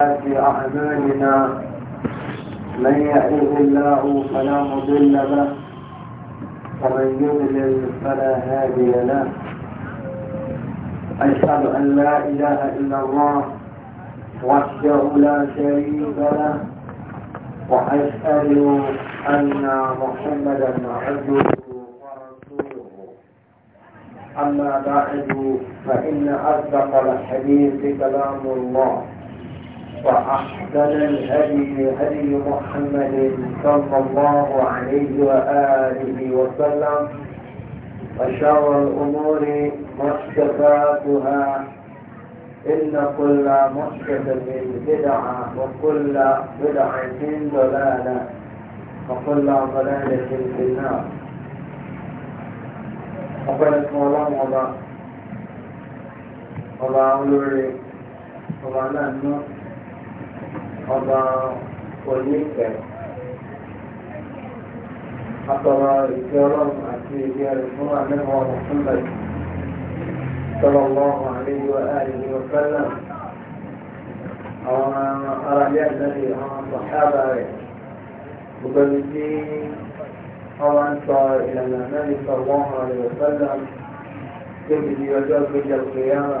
في أعمالنا من يهده الله فلا مضل له ومن يضلل فلا هادي له أشهد أن لا إله إلا الله وحده لا شريك له وأشهد أن محمدا عبده ورسوله أما بعد فإن أصدق الحديث كلام الله وأحسن الهدي هدي محمد صلى الله عليه وآله وسلم وشر الأمور محدثاتها إن كل محدثة بدعة وكل بدعة ضلالة وكل ضلالة في النار أقول الله الله وضع أولوري أما والمكتب حضر رجالاً أكيد في رسول الله محمد صلى الله عليه وآله وسلم أما أرى الذي أما صحابة مدرسين أو أنصار إلى النبي صلى الله عليه وسلم كيف يجوز بجل القيامة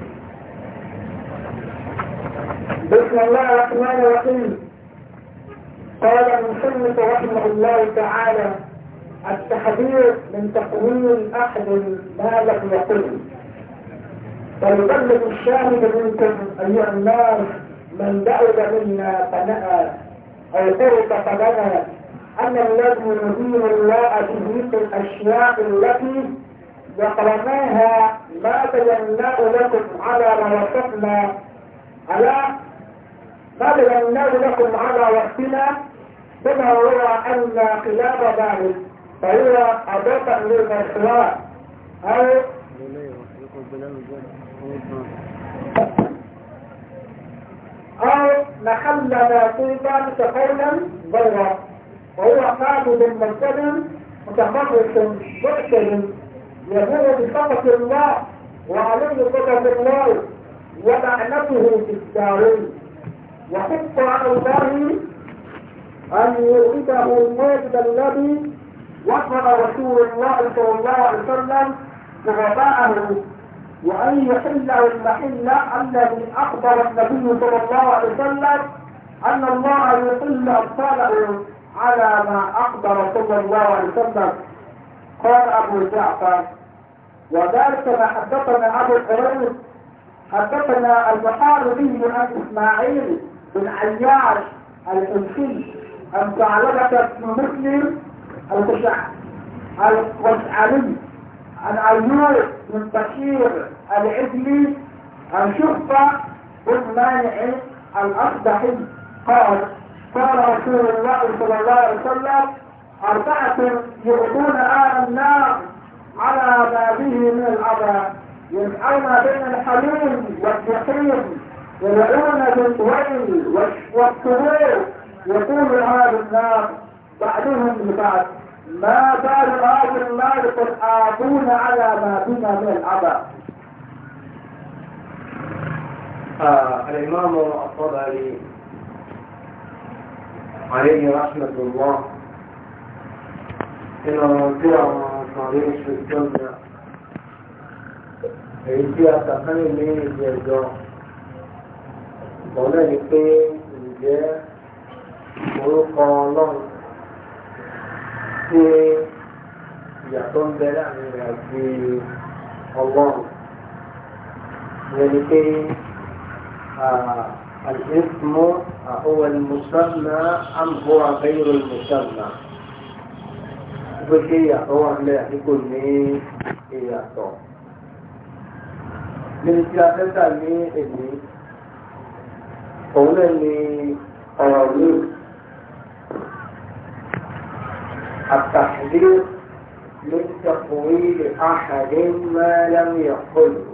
بسم الله الرحمن الرحيم قال المصنف رحمه الله تعالى التحذير من تقويم احد ما لم يقل فيبلغ الشاهد منكم ايها الناس من بعد منا فنأى او طرق فبنى ان الذي يدين الله به الاشياء التي ذكرناها ما بيناه لكم على ما وصفنا ألا فبينا لكم على وقتنا بما هو أن خلاف ذلك فهي أداة للإخلاص أو أو نخلى ذاتيبا تقولا بيضا وهو من ملتزم متفرق معتد يهون بصفة الله وعليه قدر الله ولعنته في الدارين وحق على الله أن يريده الواجب الذي وصل رسول الله صلى الله عليه وسلم شرباءه وأن يحله المحل الذي أخبر النبي صلى الله عليه وسلم أن الله يحل ابطاله على ما أخبر صلى الله عليه وسلم قال أبو جعفر وذلك ما حدثنا أبو الحريث حدثنا المحاربي عن اسماعيل بن عياش الانسي عن ثعلبة بن مسلم القشعري عن ايوب بن بشير العدلي عن شفة بن مانع الاصبحي قال قال رسول الله صلى الله عليه وسلم أربعة يؤتون أهل النار على ما به من الأذى ينحون بين الحليم والجحيم يدعون بالويل والسرور يقول هذا الناس بعدهم لبعض ما بال هذا المال قد آتون على ما بنا من العباء آه، الإمام الطبري عليه رحمة الله إنه ترى صغير في الدنيا èyí tí a kàkánì ní ìdí ẹ̀jọ́ ọ̀nà ni pé ǹjẹ́ orúkọ ọlọ́run tí ìyàtọ̀ ń bẹ láàrin rẹ̀ àti ọlọ́run ìyẹn ni pé الاسم هو المسمى أم هو غير المسمى وكي هو لا يكون إيه níbi tí a ní èdè òun náà ni ọ̀rọ̀ míì àtàkùnrin من تقويل أحد ما لم يقله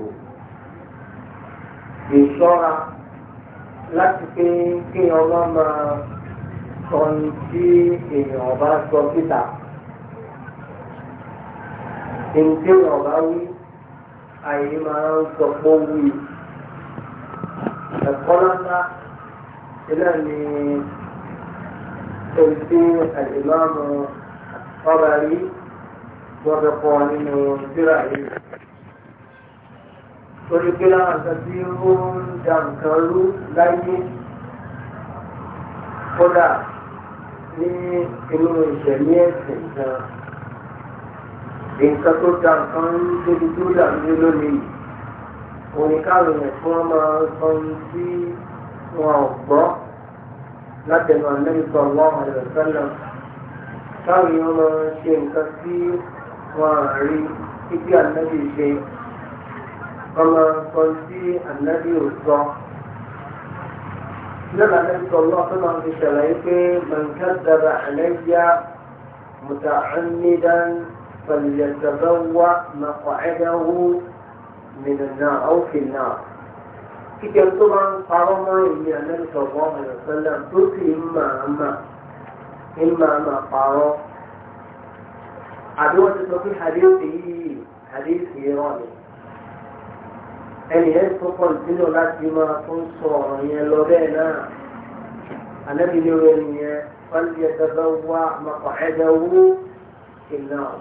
ìṣọ́ra láti pé kí ọmọ máa sọ ní tí èèyàn bá sọ síta. Èyí tí èèyàn bá wí àyè máa ń sọpọ̀ wí ẹ̀kọ́ lọ́sà ilé ni èsì àdìmọ́mù ọba rí gbọ́dọ̀ pọ̀ nínú ìdíra yìí. torí pé láwọn nǹkan tí ó ń da nǹkan rú láyé kódà ní inú ìṣẹ̀lẹ̀ ẹ̀sìn gan nǹkan tó da nǹkan débi tó dà ní lónìí òní káàrùn yẹn fún wọn máa ń sọ ohun tí wọn ò gbọ́ látẹnu àmẹ́ríkà wọn ọ̀rẹ́ sẹ́lẹ̀ káàrùn yẹn máa ń ṣe nǹkan tí wọn à rí títí ànábì ṣe wọn máa ń sọ tí ànábì ò sọ. Nígbà tí sọ̀rọ̀ tó máa fi ṣàlàyé pé màǹkà dára àlẹ́ yá فليتبوى مقعده من النار أو في النار كي طبعا قرم إن النبي صلى الله عليه وسلم تركي إما أما إما أما قرم عدوة تتركي حديث إيه؟ حديث إيراني أني أسفق الدين لا تيما تنصر أني اللغينا أنا بنيوينيه فليتبوى مقعده في النار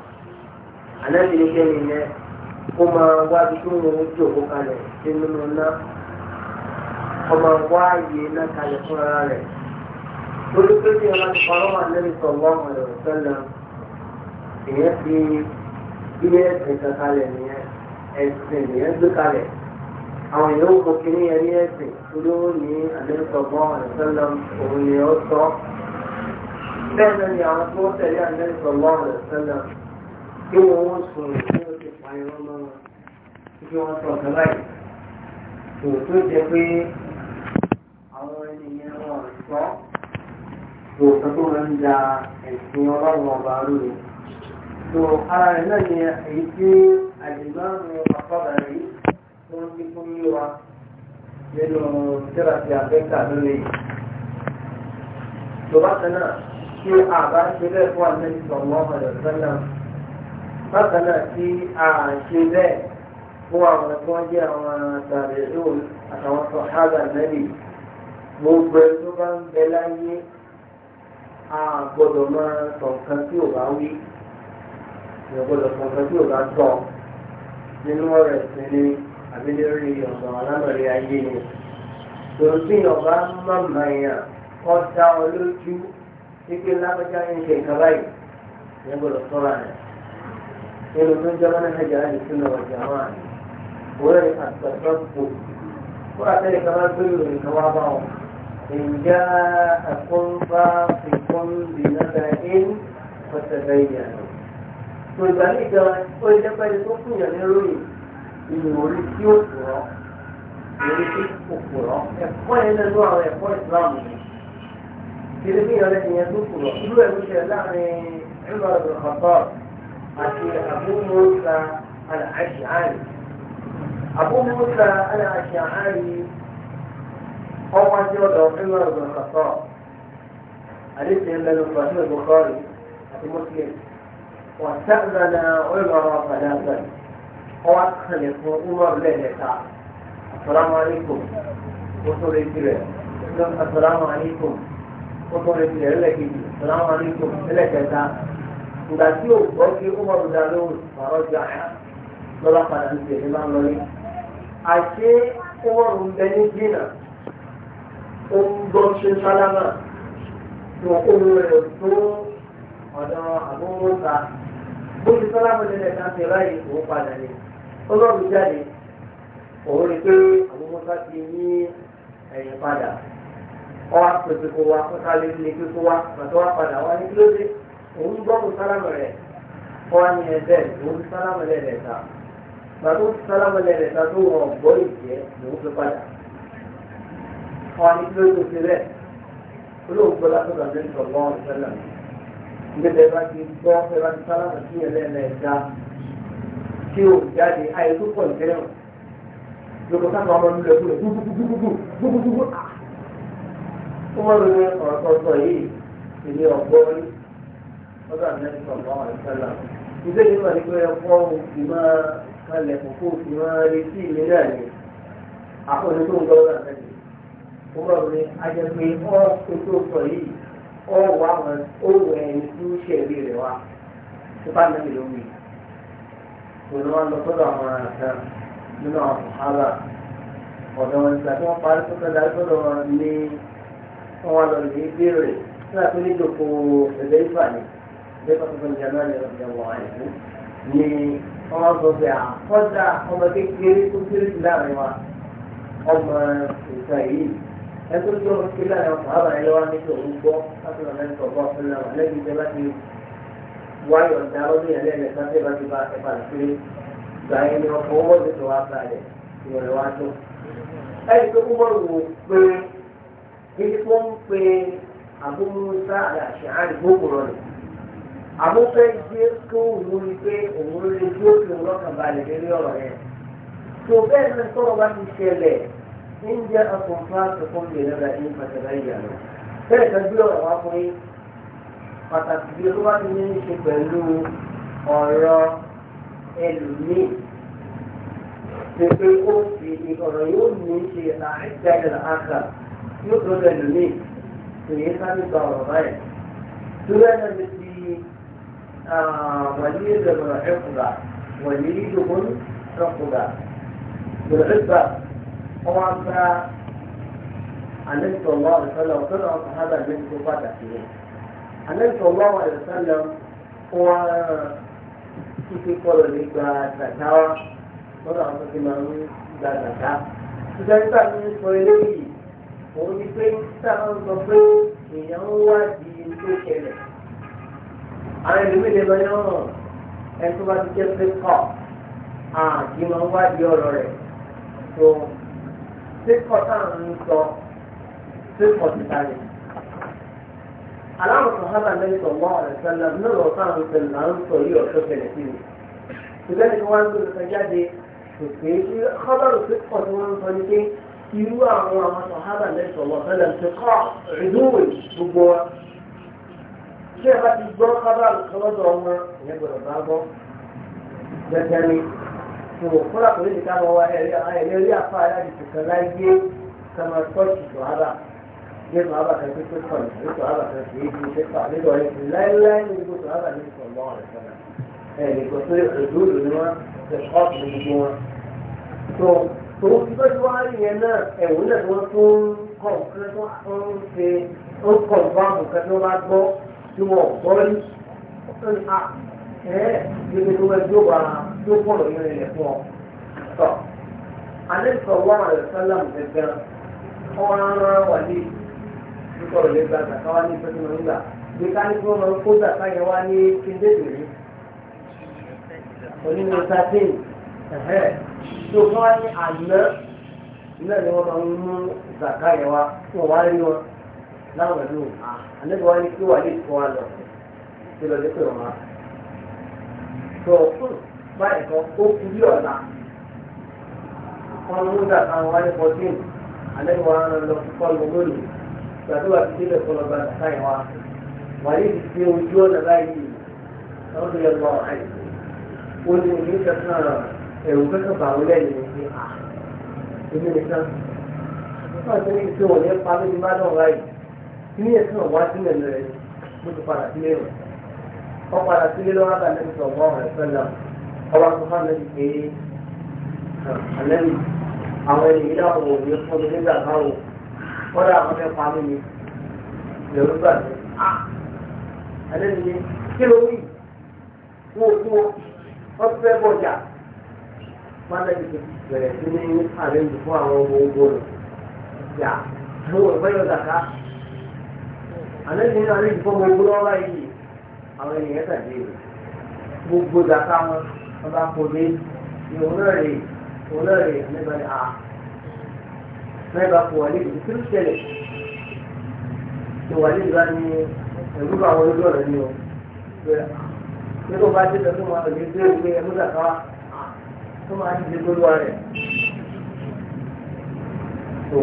ànábì ní kẹ́yìn yẹn kó máa wá bí kí wọ́n ojú òkú kalẹ̀ sí nínú ná kó máa wá ààyè ná kalẹ̀ fún ara rẹ̀ lórí pé kí wọ́n ti parọ́ wà lẹ́yìn sọ̀rọ̀ àwọn ọ̀rọ̀ sẹ́lẹ̀ ìyẹn ti ilé ẹ̀sìn kankalẹ̀ nìyẹn ẹ̀sìn nìyẹn gbé kalẹ̀ àwọn èèyàn ò kókè ní ẹ̀sìn torí ní àlẹ́ sọ̀rọ̀ sẹ́lẹ̀ òun ni ó sọ bẹ́ẹ̀ ni àwọn tó tẹ̀lé àlẹ́ sọ̀rọ̀ sẹ́lẹ̀ kí wọ́n wọ́n sọ̀rọ̀ kí wọ́n ti pa irọ́ mọ́ wọn kí wọ́n sọ ọ̀kan báyìí kò tó jẹ pé àwọn ènìyàn wọn sọ kò tó tó wọn ń da ẹ̀sìn ọlọ́run ara rẹ̀ náà ni èyí tí àjùmọ́nù àpábà rí tó ń dínkù ní wa nínú tẹ́lẹ̀tì àfẹ́kà lónìí tó bá kan náà tí a ṣe bẹ́ẹ̀ fún àmì ìsọ̀mọ́ ọ̀rẹ́ fẹ́ náà bákan náà tí a ṣe bẹ́ẹ̀ fún àwọn tí wọ́n jẹ́ àwọn tàbí ìhùn àtàwọn tó hágà nẹ́bì gbogbo ẹni tó bá ń bẹ láyé a gbọ́dọ̀ máa sọ nǹkan tí ò bá wí ìyẹn gbọ́dọ̀ sọ nǹkan tí ò bá sọ nínú ọ̀rọ̀ ẹ̀sìn ni àbí lórí ọ̀sán ayé ni tòun tí ọba máa ń máa yàn kọ́ dá ọ lójú wípé lágbájá ń ṣe nǹkan báyìí ìyẹn gbọ́dọ̀ sọ́ra rẹ̀ nínú tó ń jẹ́ manhaj al-sunnah wal jama'ah wọ́n rí àtàkùn wọ́n àtẹ́lẹ̀ kan máa gbérù rẹ̀ kan wá bá wọn. ìjà àkóńbá fìkún bìnnàdà in pọ̀tẹ̀lẹ̀ ìyànà. tó ìgbà ní ìjọba ó lè jẹ́pẹ́ ẹni tó fún yàn ní ròyìn ìyìn orí tí ó kùrọ̀ orí tí kò kùrọ̀ ẹ̀kọ́ yẹn lẹ́nu àwọn ẹ̀kọ́ ìsìláàmù ni. kìrìbìyàn lẹ́yìn yẹn tó kùrọ̀ irú ẹ̀ àti Abu Musa al-Ash'ari Abu Musa al-Ash'ari ọmọ tí ó dọ̀ọ́ fún ọ̀rọ̀ ìgbàlọ́sọ̀ àdéhùn ẹ̀ lẹ́nu pàṣẹ Bukhari àti Muslim wọ́n sábàlá ọ̀rọ̀ àfàdàgbà ọwọ́ àkàlẹ̀ fún ọmọ lẹ́ẹ̀lẹ́ta asalaamualeykum ó tó lè tirẹ̀ asalaamualeykum ó tó lè tirẹ̀ ẹlẹ́kejì ìgbà tí ò gbọ́ kí ó mọ̀rún dá lóhùn ọ̀rọ̀ ju àyà lọ́ba padà ní tèmi máa ń lọ ní. àṣé ó mọ̀rún bẹ ní jìnnà ó ń gbọ́ ṣe sálámà tó owó rẹ̀ tó ọ̀dọ̀ àbúrò ta bó ṣe sálámà lẹ́lẹ̀ ká fi ráyè òun padà ní. ó lọ́rùn jáde òun rí pé àbúrò ti ní ẹ̀yìn padà ọwọ́ pèsè kó wa kó sáré ní kí kó wa pàtó wa padà wá ní kí ló dé òun gbọ́ kó sálámù rẹ̀ wọ́n á ní ẹ̀dẹ́ òun sálámù rẹ̀ rẹ̀ ta gbàtó sálámù rẹ̀ rẹ̀ ta tó wọ́n gbọ́ ìjẹ́ lòún fi padà wọ́n á ní kí ló tó fi rẹ̀ olóògbé látọ̀dọ̀ àdéhùn sọ̀rọ̀ wọn sẹ́lẹ̀ gbẹ̀dẹ̀ bá ti gbọ́ ẹ bá ti sálámù sí ẹ̀rẹ́ rẹ̀ ta tí o jáde àìsó pọ̀ ìtẹ́lẹ̀ wọn lóko sábà ọmọ nílò ẹ̀kú rẹ̀ gbúgbúgbúgbúgbúgbúgbú àwọn ọmọ rẹ̀ ọ̀rọ̀ sọ̀rọ̀ yìí ìní ọ̀gbọ́n lọ́dọ̀ àmì sọ̀rọ̀ àìsàlà ilé yìí wà ní pé ẹ̀kọ́ òfin máa kalẹ̀ kókó òfin máa retí ìlera rẹ̀ àkọ́ni tó ń gbọ́ lọ́dọ̀ àmì ó bọ̀ ní ajẹ́pé ọ́ tó sọ yìí ọ́ wà wọn ó wẹ̀ ẹni tí ó ṣẹ̀rí rẹ̀ wá tó bá nàbì ló wì kò ní wọn lọ sọ́dọ̀ àwọn àṣà nínú àwọn sàhábà ọ̀dọ̀ wọn ìgbà tí wọ́n parí tó kẹ́ darí sọ́dọ̀ wọn ní wọn lọ lè béèrè nígbà tó ní ìjòkó ẹ̀dẹ́ ìfà ni. Bẹ́ẹ̀ tó fẹ́ Jamal rẹ̀ jẹ́ àìkú ni ọmọ sọ pé àkọ́jà ah, ọmọ kékeré tó kéré ti láàrin wa ọmọ ìta yìí ẹgbẹ́ tó ọmọ kékeré láàrin wa sàábà ẹ̀ lọ́wọ́ nígbà òun gbọ́ láti ọ̀nà ẹ̀ sọ̀bọ̀ ọ̀fẹ́ náà lẹ́yìn ìjọba ti wáyọ̀ ọ̀dà ọdún yẹn lẹ́yìn ẹ̀ka tẹ́ bá ti bá ẹ̀ka lè gbà yẹn ni ọkọ̀ owó ti tó wá rẹ̀ ìwọ̀n wa tó. ẹ̀yìn tó kúmọ̀ wò pé ibi tó ń pe àbúrú sáà àṣà àdìgbò kúrọ̀ nìyí àmọ́ fẹ́ jẹ́ kó òun rí pé òun ló lè dúró kí òun lọ́kàn balẹ̀ lórí ọ̀rọ̀ yẹn. tó bẹ́ẹ̀ ni sọ̀rọ̀ bá ti ṣẹlẹ̀ ń jẹ́ akọ̀ǹfà tuntun lè lọ́la ní pàtàkì ìyàlọ́. bẹ́ẹ̀ kan bí ọ̀rọ̀ wá fún yín pàtàkì bí ó bá ti ní í ṣe pẹ̀lú ọ̀rọ̀ ẹlòmíì. ṣe pé ó fi ọ̀rọ̀ yóò ní í ṣe àìsàn àkà yóò tó وليد بن عقبة وليد بن عقبة بن عقبة هو أنت النبي صلى الله عليه وسلم طلع هذا من صفات الدين النبي صلى الله عليه وسلم هو كيف يقول لك تكاوى طلع من ذلك ìdájọ́ àti sọ eléyìí òun ni pé sáà ń sọ pé èèyàn ń àwọn ẹlòmíì lè lọ yọ ẹ tó bá ti jẹ́ pé kọ́ àti máa ń wádìí ọ̀rọ̀ rẹ̀ tó pé kọ́ táwọn ń sọ pé kọ́ ti ta lẹ̀. aláwọ̀ sọ̀hánà lẹ́yìn tó wọ́n ọ̀rẹ́ sẹ́lẹ̀ ní ọ̀rọ̀ táwọn sẹ́lẹ̀ náà ń sọ yìí ọ̀tọ̀ tẹ̀lẹ̀ sí mi. ṣùgbọ́n ní kí wọ́n ń gbé nǹkan jáde kò pé kí kọ́bọ̀rù pé kọ́ tí wọ́n ń sọ ní pé irú àwọn àwọn sọ̀hánà lẹ́yìn tó wọ́n tí ẹ bá ti gbọ́ kábàá lọ́dọ̀ ọmọ ìyẹn gbọ́dọ̀ bá gbọ́ gbẹgbẹ ni tó o fúnra kò ní ti káàbọ̀ wá ẹ̀rí rí afá aláàbì kankan láyé kama tọ́ọ̀tì tó hábà bí tó hábà kan tó tó kàn ní tó hábà kan kì í di iṣẹ́ fà nígbà wọn ti láéláé ní gbogbo tó hábà ní ìtàn lọ́wọ́ rẹ̀ sọ́nà ẹ̀ nìkan tó èdè òdò ni wọ́n ti ọ́ọ̀tì ní gbogbo wọn. tó tó ti bá ti wá rí yẹn náà ẹ̀wọ̀n náà tó ń kọ̀ ń kọ̀ ń bá nǹkan tó bá gbọ́ tí wọ́n gbọ́ rí ọ̀sán à ẹ̀ẹ́ gbogbo tó bẹ tó wà tó pọ̀lọ̀ yẹn rẹ̀ fún ọ. tọ́ alẹ́sọ̀ wà rẹ̀ sálàm gẹ́gẹ́ ọ̀rọ̀ ara wà ní ìkọ̀rọ̀ lè gba àgbàkà wá ní ìfẹ́sẹ̀ náà nígbà bí ká ní kí wọ́n máa kó dàkà yẹn wá ní kíndéèdèrè onínú sátìn ẹ̀hẹ́ tó kọ́ wá ní àná náà ni wọ́n máa ń mú zàkà yẹn wá tí wọ́n wá rí wọn láwọn ìlú àlejò wọn ni kí wàá lè fún wa lọ kí lọ lè pè wọn. tó fún báyìí kan ó kú bí ọ̀la wọn mú dà táwọn wáyé fourteen àlejò wọn lọ kọ́ lọ lónìí gbàdúrà wà ti délé kọ́ lọ gba sáyẹn wa wàá lè fi ojú ọ̀nà báyìí lọ́wọ́ tó yẹ lọ́wọ́ àìsí ó ní ojú kẹsàn-án ẹ̀rù kẹsàn-án bàwọ́ lẹ́yìn ní ti à ah, èmi nìkan. Wọ́n ní ìṣòwò ní ẹ̀sìn ọ̀wá sílẹ̀ rẹ̀ ló ti padà sílé rẹ̀ ọ padà sílé lọ́wọ́ àtàlẹ́bí sọ̀rọ̀ ọ̀hún rẹ̀ fẹ́lá ọba tó fà lẹ́bi pé àlẹ́bí àwọn ènìyàn náà wò ní fún mi nígbà báwo kọ́dà àwọn fẹ́ pa mí ni lẹ́rú gbà mí. àlẹ́bí ni kí ló wí wọ́n kú wọ́n bọ̀jà wọ́n lẹ́bi tó bẹ̀rẹ̀ sí ní àlejò fún àwọn ọmọ ogun rẹ̀ yà ló wọ̀ fẹ́ yọ àlejò ní àlejò fún gbogbo lọ́wọ́ yìí àwọn ènìyàn tàbí gbogbo dàkà wọn wọn bá kó dé ní olóòrè olóòrè nígbà ní à mẹ́ta kò wà níbi tí ó ṣẹlẹ̀ tó wà níbi bá ní ẹ̀rú bá wọn lójú ọ̀rọ̀ ni o pé tó bá dé tẹ̀sán wọn lòdì sí ìwé ẹ̀rú dàkà tó máa ń di gbogbo rẹ̀ tó.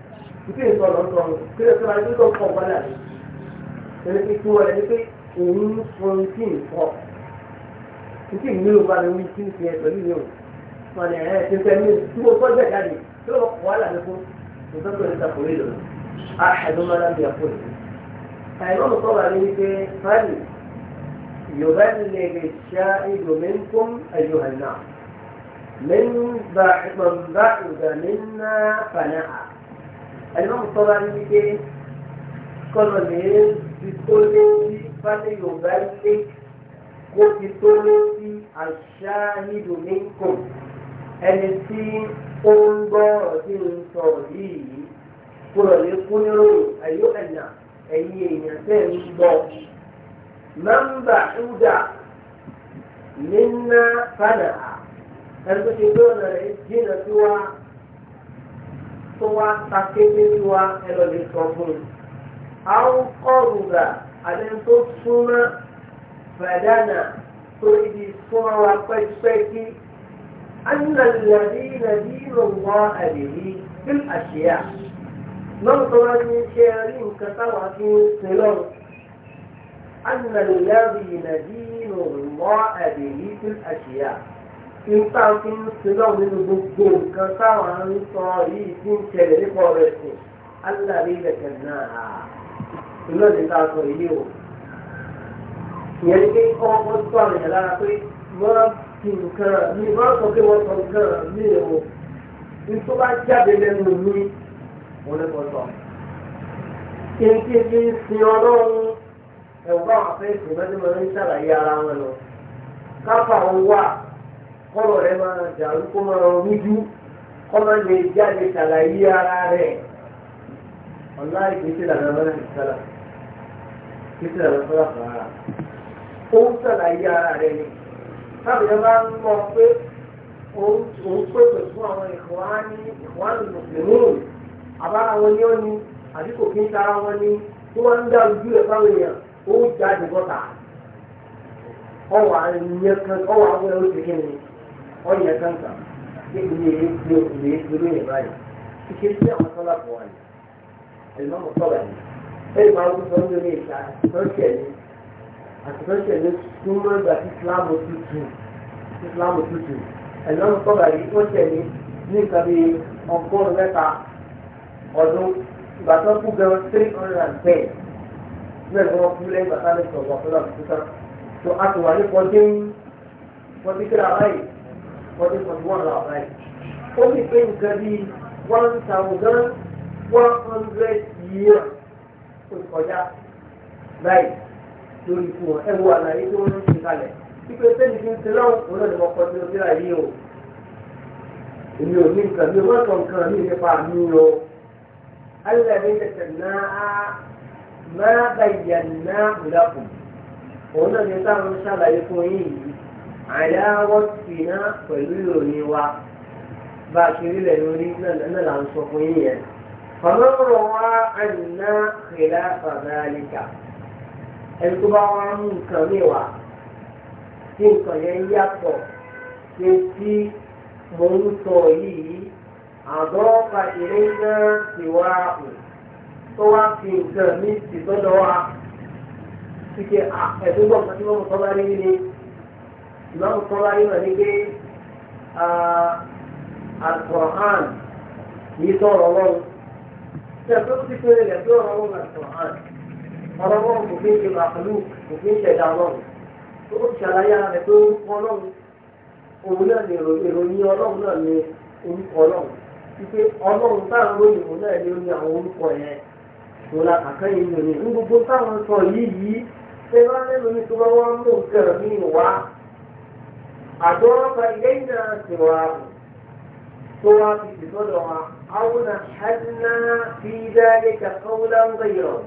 ìpè ìsọ̀rọ̀ sọ kí lè sọ́ra ìpè tó kọ̀ wọ́n àlè ẹni pé kí wọ́n ẹni pé òun ń fún tí ì kọ́ tí ì nílò bá lórí tí ì fi ẹ pẹ̀lú ìyẹn o wọn ni ẹ̀ ti fẹ́ mi tí mo kọ́ jẹ̀ jáde tí mo kọ́ wàhálà mi fún mo fẹ́ kò rí lọ àìdó máa lábẹ́ àpò ìlú àìmọ́ mi sọ̀rọ̀ ni wípé fáìlì yorùbá lè lè ṣá ìdò mi ń kún ẹ̀yọ̀ hàn náà mi ń bá ìgbà mi ń ná fànáà ẹ̀lọ́mù tọ́lá ní wípé kọ́lọ̀ lè fi tó lé sí fáṣẹ yorùbá lé kó fi tó lé sí àṣà nídòmíkò ẹni tí ó ń gbọ́ ọ̀dí ń sọ yìí kọ́lọ̀ lè kún nírò ẹ̀yọ́ ẹ̀nà ẹ̀yìn èèyàn ń gbọ́ mẹ́mbà ṣúdà nínú fàdà ẹni tó ṣe gbọ́dọ̀ tó wá takété sí wa ẹlọ lè sọ fún un. àwọn kọrùgà àti tó súnmọ́ fàdánà tó ibi súnmọ́ wa pẹ́kipẹ́kí. أن الذين دين الله به في الأشياء نظرا شارين كثرة سلوك أن الذين دين الله به في الأشياء nípa tí ń sinọ́ nínú gbogbo nǹkan táwọn ń sọ yìí tí ń ṣẹlẹ̀ nípa ọ̀rọ̀ ẹ̀sìn aláàrí ilẹ̀kẹ̀ náà iná ní ká sọ yìí o. ìyẹn ni pé ọmọ kan tó àwọn èèyàn lára pé wọ́n fi nǹkan mi wọ́n sọ pé wọ́n sọ nǹkan mi o ní bá jáde lẹ́nu mi wọ́n lè kọ́ sọ. kéńké ń sin ọlọ́run ẹ̀wọ́n àfẹ́ ìṣèlú ẹni mọ̀ ní ṣàlàyé ara wọn lọ. káfà ń wà kọ́rọ̀ rẹ máa dàrú kó máa rújú kọ́ máa lè jáde ṣàlàyé ara rẹ̀ ọ̀la ìgbésẹ̀ làwọn ọmọdé ti sálà ìgbésẹ̀ làwọn ọmọdé sọ̀rọ̀ ara ó ń ṣàlàyé ara rẹ̀ ni táwọn yẹn bá ń mọ pé òun pèpè fún àwọn ìkọ̀wání ìkọ̀wání mùsùlùmí àbára wọn ni ó ní àbí kò kí ń tara wọn ni tí wọ́n ń dá ojú ẹ̀ fáwọn èèyàn ó jáde bọ́ta ọwọ́ àwọn ènìyàn ti kí ni ọ̀yẹ̀ kanka níbi ní èyí ní òkùnrin yìí dúró yẹn báyìí kíkẹ́ sí àwọn sọ́lá pọ̀ wá ní ẹ̀lọ́ mọ̀ sọ́lá yìí ẹ̀yìn máa ń sọ ní orí ìta àtìkọ́ṣẹ̀ ní àtìkọ́ṣẹ̀ ní súnmọ́ ìgbà tí Ìsìlámù tutù Ìsìlámù tutù ẹ̀lọ́ mọ̀ sọ́lá yìí ó ṣẹ̀ ní ní nǹkan bíi ọgọ́rùn-ún mẹ́ta ọdún ìgbà tó kú gan three hundred and ten bẹ́ẹ̀ ni wọ́n kú lẹ́yìn bàtà ní ọdún forty one la ọ̀la yìí ó sì pé nǹkan bíi one thousand one hundred years ó kọjá báyìí lórí ikú wọn ẹ wo àlàyé tí wọ́n ń ṣe kalẹ̀ pípé sẹ́ni fi ń ṣe lọ́wọ́ òun náà ni mo kọ́ sí ojú àyè o èmi ò ní nǹkan mi ò wọ́n sọ nǹkan mi nípa mi o alẹ́ mi tẹ̀sẹ̀ náà máa bàyà náà ìlàkùn òun náà ni táwọn ṣàlàyé fún yín yìí àyáwọ́sìnà pẹ̀lú ìròyìn wa bá a ṣe rí lẹ̀ lórí náà là ń sọ fún yín yẹn. fọlọ́rọ̀ wá àyìnà kìlá fàdáríkà ẹni tó bá wá mú nǹkan mẹ́wàá tí nǹkan yẹn yàtọ̀ ṣe tí mo ń sọ yìí àdọ́ọ̀fà ìrìnà tiwa ò tó wá fi nǹkan mi sì tọ́jọ́ wa. Ṣé ẹ̀dúgbọ̀n kan tí wọ́n mú sọ́wọ́ rí ni? ìmáà ń kọ́ra yìí wọ̀nyí pé alukọ̀hán yìí sọ̀rọ̀ ọlọ́run ṣe pé ó ti pé rẹ̀ pé ọ̀rọ̀ ọlọ́run alukọ̀hán ọ̀rọ̀ ọlọ́run kò fi ń ṣe màkàlù kò fi ń ṣẹ̀dá ọlọ́run tó ó ṣàlàyé ara rẹ̀ pé ó ń kọ́ ọlọ́run òun náà ní ìròyìn ọlọ́run náà ní orúkọ ọlọ́run wípé ọlọ́run táwọn lóyìn òun náà ní ó ní àwọn orúkọ yẹn òun la kàkẹ́ yìí lónìí ní gbogbo táwọn sọ yìí yìí ṣé bá lẹ́nu ní tó bá wọ́n mú nǹkan mí wá أضاف إلينا سواه سواه في صدرها أو نحلنا في ذلك قولا غيره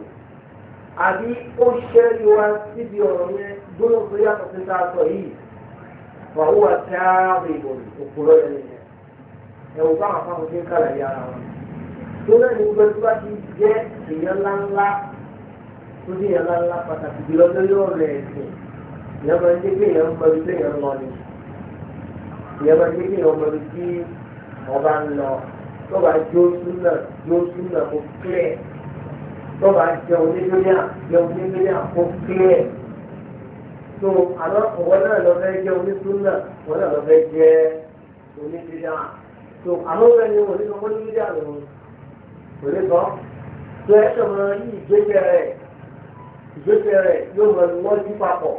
أبي أشر وسبيون دون صياغة تعطيه وهو كاذب وقلوب ẹ̀wù bá àwọn ọmọdé kàlà yàrá wọn. tó náà ní gbogbo ẹgbẹ́ ti jẹ́ èèyàn ńláńlá tó ní èèyàn ńláńlá pàtàkì jùlọ lórí ọ̀rọ̀ ẹ̀sìn ìyá máa ń dé pé èèyàn ń gbọ́ ilé èèyàn lọ ni ìyẹn máa ń gbé kéèyàn mọ ibi tí ọba ń lọ tọ́ba jó súnà jó súnà kó clear tọ́ba jẹun nílórí à jẹun nílórí à kó clear tó àná ọ̀wọ́ náà lọ fẹ́ jẹun ní súnà ọ̀wọ́ náà lọ fẹ́ jẹ onílórí à tó àná ọ̀rẹ́ ni wọ́n ní sọ fún nílórí à lòun kò lè sọ tó ẹ̀ sọ̀rọ̀ yìí ìgbésẹ̀ rẹ̀ ìgbésẹ̀ rẹ̀ yóò mọ̀ ní wọ́n jí papọ̀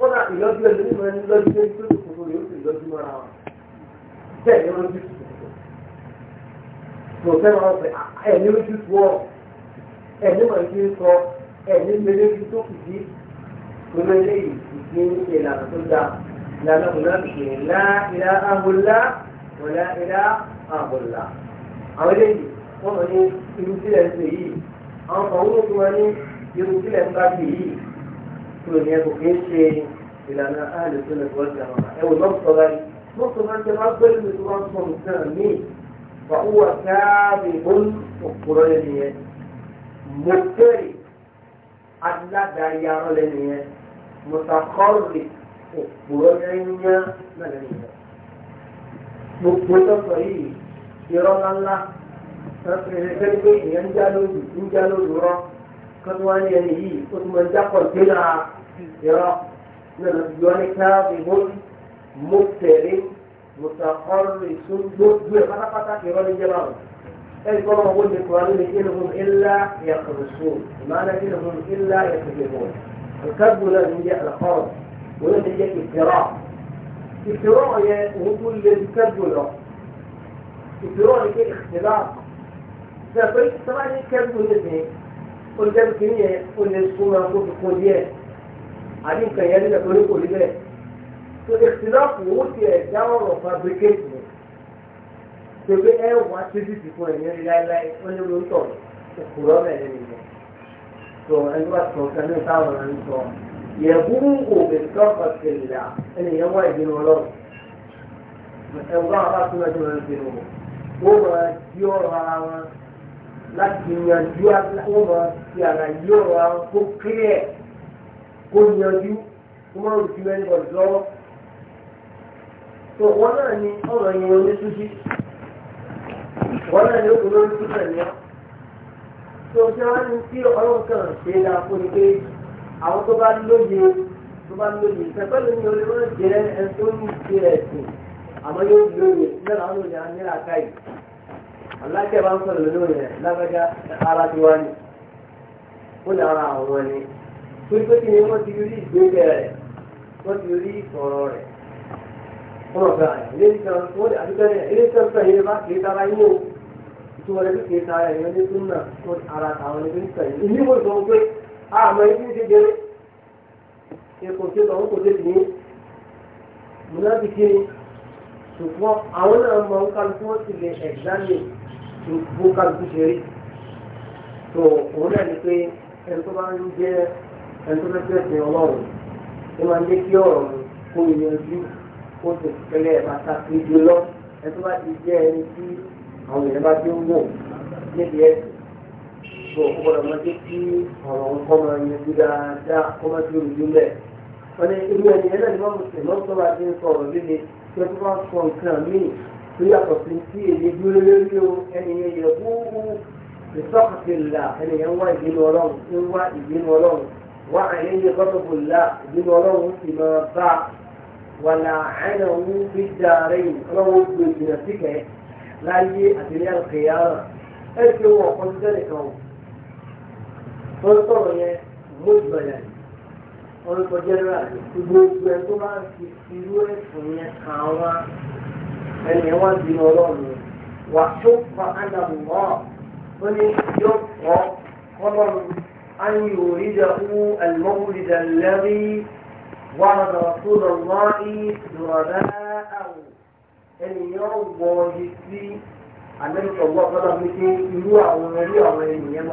kọ́nà ìlọ́jú ẹ̀ lórí mẹ́rin lọ́jú pé kí ló kòkòrò yóò sì lọ́jú mọ́ra wọn bẹ́ẹ̀ ni wọ́n ti tù kò fẹ́ máa fẹ́ ah, ẹ̀ ní ojú tu ọ̀ ẹ̀ ní màá fi sọ ẹ̀ ní mẹ́lẹ́ fi tó kù sí lọ́lẹ́ yìí ní ìlànà tó dáa ìlànà kò náà fi lá ìlà àbòlá wọ̀lá ìlà àbòlá àwọn eléyìí wọ́n mọ̀ ní irú sílẹ̀ ń sè yìí àwọn kan wọ́n mọ̀ ní irú sílẹ̀ ń يكون هناك جيش إلى أنا أهل السنة والجماعة أو نصبا ان الجماعة كل مسلمان مسلمين فهو كاذب القرآن مبتري أدلى ان لنيه متخرج القرآن لنيه مبتر صحيح يرى الله ẹ̀ẹ́dẹ́gbẹ́ ان èèyàn ń já lójú ń já lójú rọ́ kọ́tùwá ان ẹni yìí ó ti mọ̀ ń jápọ̀ sílá من نبيان كاظم مبتل متقرص مدبر خلقة كرام جمال أي كما هو القرآن إنهم إلا يخرصون معنى إنهم إلا يكذبون الكذب لا يجي الخرص ولا يجي افتراء افتراء وصول للكذب له افتراء كي اختلاط فبيت طبعا الكذب الاثنين والكذب كمية والنسومة والكوديات àbí nǹkan yẹn nílẹ̀ torí kò rí bẹ́ẹ̀ tó ìtìlọ́pù ó ti ẹ̀ já ọ̀rọ̀ fabricate ni tó pé ẹ wà títí ti fún ẹ̀yìn rí láéláé ó ní ló ń tọ̀ òkúrọ̀ mẹ́rin nìyẹn tó ẹni wá sọ kan ní táwọn ẹni sọ yẹ̀bùn òbí sọ́kọ̀ kìlà ẹni yẹn wá ìdínú ọlọ́run ẹ̀wọ́n àwọn bá tún ẹjọ́ rẹ̀ bínú wọ́n máa di ọ̀rọ̀ ara wọn láti yanjú wọ́n máa fi àlàyé ọ̀rọ̀ ara wọn kó kílẹ̀ kó yanjú kó má rò sí mẹ́rin lọ́wọ́. tó wọn náà ni ọ̀rọ̀ yẹn oní túnjí wọn náà ni ó kún lórí túnjẹ ní ọ. tó ṣe wá ní tí ọlọ́run kan ṣe é dáa fún ni pé àwọn tó bá lóye tó bá lóye ìfẹ́pẹ́lú ni olè wọn jẹ ẹni tó ní ìṣe ẹ̀sìn àmọ́ yóò lóye mẹ́rin àwọn olè á ní àkáyì alákẹ́ bá ń sọ̀rọ̀ lónìí rẹ̀ lágbájá ara ti wá ní ó ní ara àwọn ẹni pípé kí ni wọ́n ti rí ìgbésẹ̀ rẹ̀ wọ́n ti rí ọ̀rọ̀ rẹ̀ wọ́n rọ̀ báyìí ilé ìtàn wọ́n ti àdúgbò rẹ̀ ilé ìtàn fẹ́ yẹn bá kì í tara yín o ìtumọ̀ rẹ̀ bí kì í tara yẹn ní tún náà wọ́n ti ara tàwọn ẹgbẹ́ nípa yìí ìní mo sọ pé àmọ́ ibi ti jẹrẹ èkó ṣùgbọ́n àwọn náà mọ kálukú wọ́n ti lè ẹ̀gbáni gbogbo kálukú ṣeré tó òun náà ni pé ẹni tó bá ń jẹ́ ẹni tó fẹ́ fẹ́ sin ọlọ́run ó máa ń dé kí ọ̀rọ̀ mi kó yanjú kó sì kẹlẹ́ pàtàkì jùlọ ẹni tó bá ti jẹ́ ẹni tí àwọn èèyàn bá ti ń wò níbi ẹ̀sìn tó o gbọ́dọ̀ máa dé kí ọ̀rọ̀ nǹkan máa yanjú dáadáa kó má ti rújú lẹ̀. wọ́n ní irú ẹni ẹ̀rọ ni wọ́n mú sí lọ́wọ́ tó bá ti ń sọ̀rọ̀ líle tí wọ́n bá sọ nǹkan míì tó yàtọ̀ sí tí èdè dúró lórí o ẹni yẹn yẹ wúwú ìsọ́kùtì là ẹni yẹn ń wá ìbínú ọlọ́run ń wá ìbínú ọlọ́run wà àyè ní kọ́tùbùlá ìdúró ọlọ́run sì máa bá wàlà àìnà òun fi dáre yìí ọlọ́run gbé ìjìnà síkẹ́ láyé àtìlẹ́ àkèyàrá ẹ ti wọ ọkọ ti tẹ́lẹ̀ kan o tó ń sọ̀rọ̀ yẹn mọ́tìmọ̀lá yìí wọ́n kọ jẹ́rẹ́rà yìí gbogbo ẹ tó bá ń fi irú ẹ̀sùn yẹn kàn wá ẹni ẹ̀ wọ́n di ọlọ́run wà tó fa ádàmù mọ́ ọ ó ní yóò kọ́ ọlọ́run. أن يريده المولد الذي وعد رسول الله زرباءه أن يرضى في أنك الله صلى الله عليه وسلم يوعى ونبيع ويمنع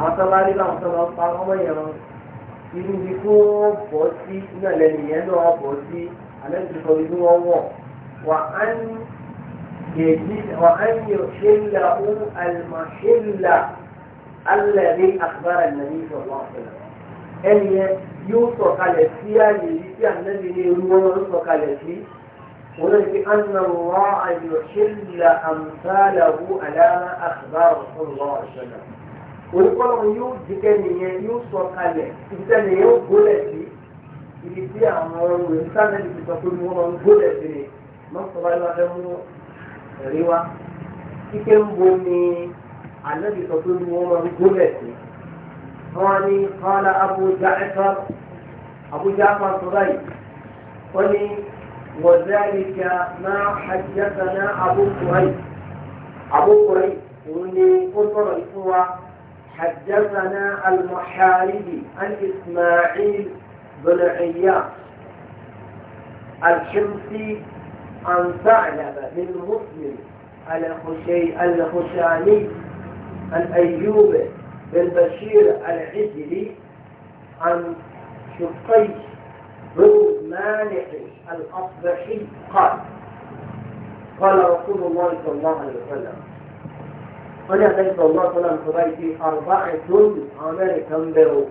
أعتبر الله صلى الله عليه وسلم ibi ndi ko bɔti ina lɛ nìyɛn ní wa bɔti ale alẹ́rí akhbara nàbí sallallahu alaihi wasallam ẹni yẹn yóò sọ̀kalẹ̀ sí àyè yìí tí ànábì ní irú wọn ló sọ̀kalẹ̀ sí wọn lè fi anna Allah yuhilla amthalahu ala akhbara sallallahu alaihi wasallam olùkọ́lọ́run yóò dìkẹ́ nìyẹn yóò sọ̀kalẹ̀ ìdíkẹ́ nìyẹn yóò gbólẹ̀ sí ibi tí àwọn ọ̀rọ̀ ìsànẹ́lì ti sọ pé mo máa ń sí ni mọ́tò bá yọ الذي تطلب وما بجملتي قال أبو جعفر أبو جعفر صغير قلي وذلك ما حدثنا أبو قريب أبو قريب يقولني أطر هو حدثنا المحاربي عن إسماعيل بن عياش الحمصي عن ثعلبة بن مسلم الخشاني عن أيوب بن بشير العجلي عن شقي بن مالح الأصبحي قال قال رسول الله صلى الله عليه وسلم أنا قلت الله صلى الله عليه وسلم أربعة عمل تنبروا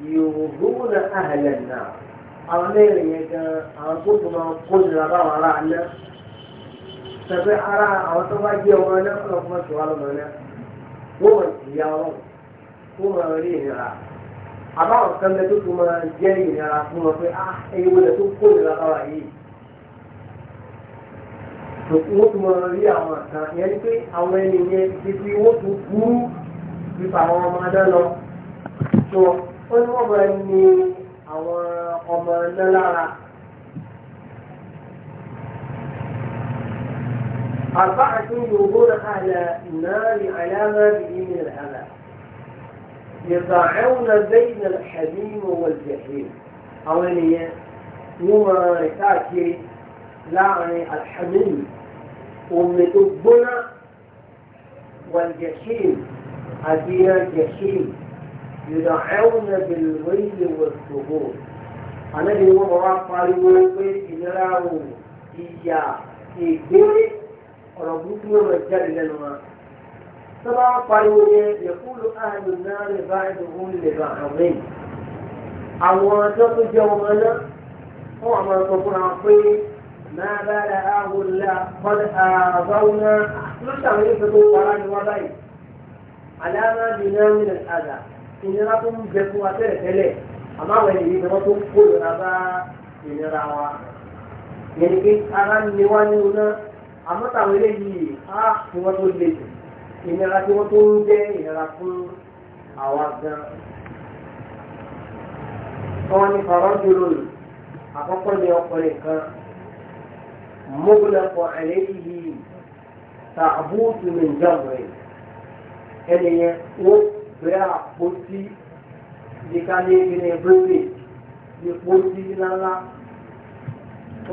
يوضون أهل النار أمير يجا أعطوك ما قلنا روى رعنا سبع رعا أو تبا جيوانا أو ما مانا wọ́n mọ̀ ìyá wọn wọ́n mọ̀ rí ìnira àbáwọn kan bẹ tó tún máa jẹ́ ìnira fún wọn pé ah ẹyin wọlé tó kó ìnira káwa yìí wọ́n tún máa rí àwọn kan yẹn ni pé àwọn ẹni yẹn ti wọ́n tún burú nípa àwọn ọmọ adá lọ tó wọ́n ní wọ́n máa ní àwọn ọmọ náà lára. أربعة يوضون أهل النار على ما به من يضعون بين الحميم والجحيم أولية يوم تأتي لعن الحميم ومتبنا والجحيم أدينا الجحيم يدعون بالغيب والصبور أنا اليوم رفع الوقت إلى إياه إيه ọ̀rọ̀ burúkú yóò rẹ̀ jáde lẹ́nu wa tó bá pariwo yẹn yẹ̀kúlù ààrùn náà lè bá ẹ̀dùnkún lè bá àwọn èyí àwọn tó tó jẹ́ ọmọ náà wọ́n wà máa sọ fúnra pé máa bá ra ààrùn là kọ́ni àbáwọn náà ló ṣàwọn yóò fẹ́ tó para ni wá báyìí àlàáfà bí náà ń rìn àdà ìnira tó ń bẹ fún wa tẹ́lẹ̀ tẹ́lẹ̀ àmọ́ àwọn ènìyàn ni wọ́n tó kó ìnira bá ìnira wa yẹn ni pé ara ń ni wá ní ọ̀nà àmọ́ táwọn eléyìí Ah, fi wọ́n tó le jù ìnira tí wọ́n tó ń jẹ́ ìnira fún àwa gan. wọ́n ní fàrọ́jù lónìí àkọ́kọ́ ní ọkùnrin kan mọ́gbìnàpọ̀ àlẹ́yìí tààbùtù ní ìjọba rẹ̀ ẹni yẹn ó gbé àpótí bí ká ní ìpínlẹ̀ bíbélì bí pósí ńláńlá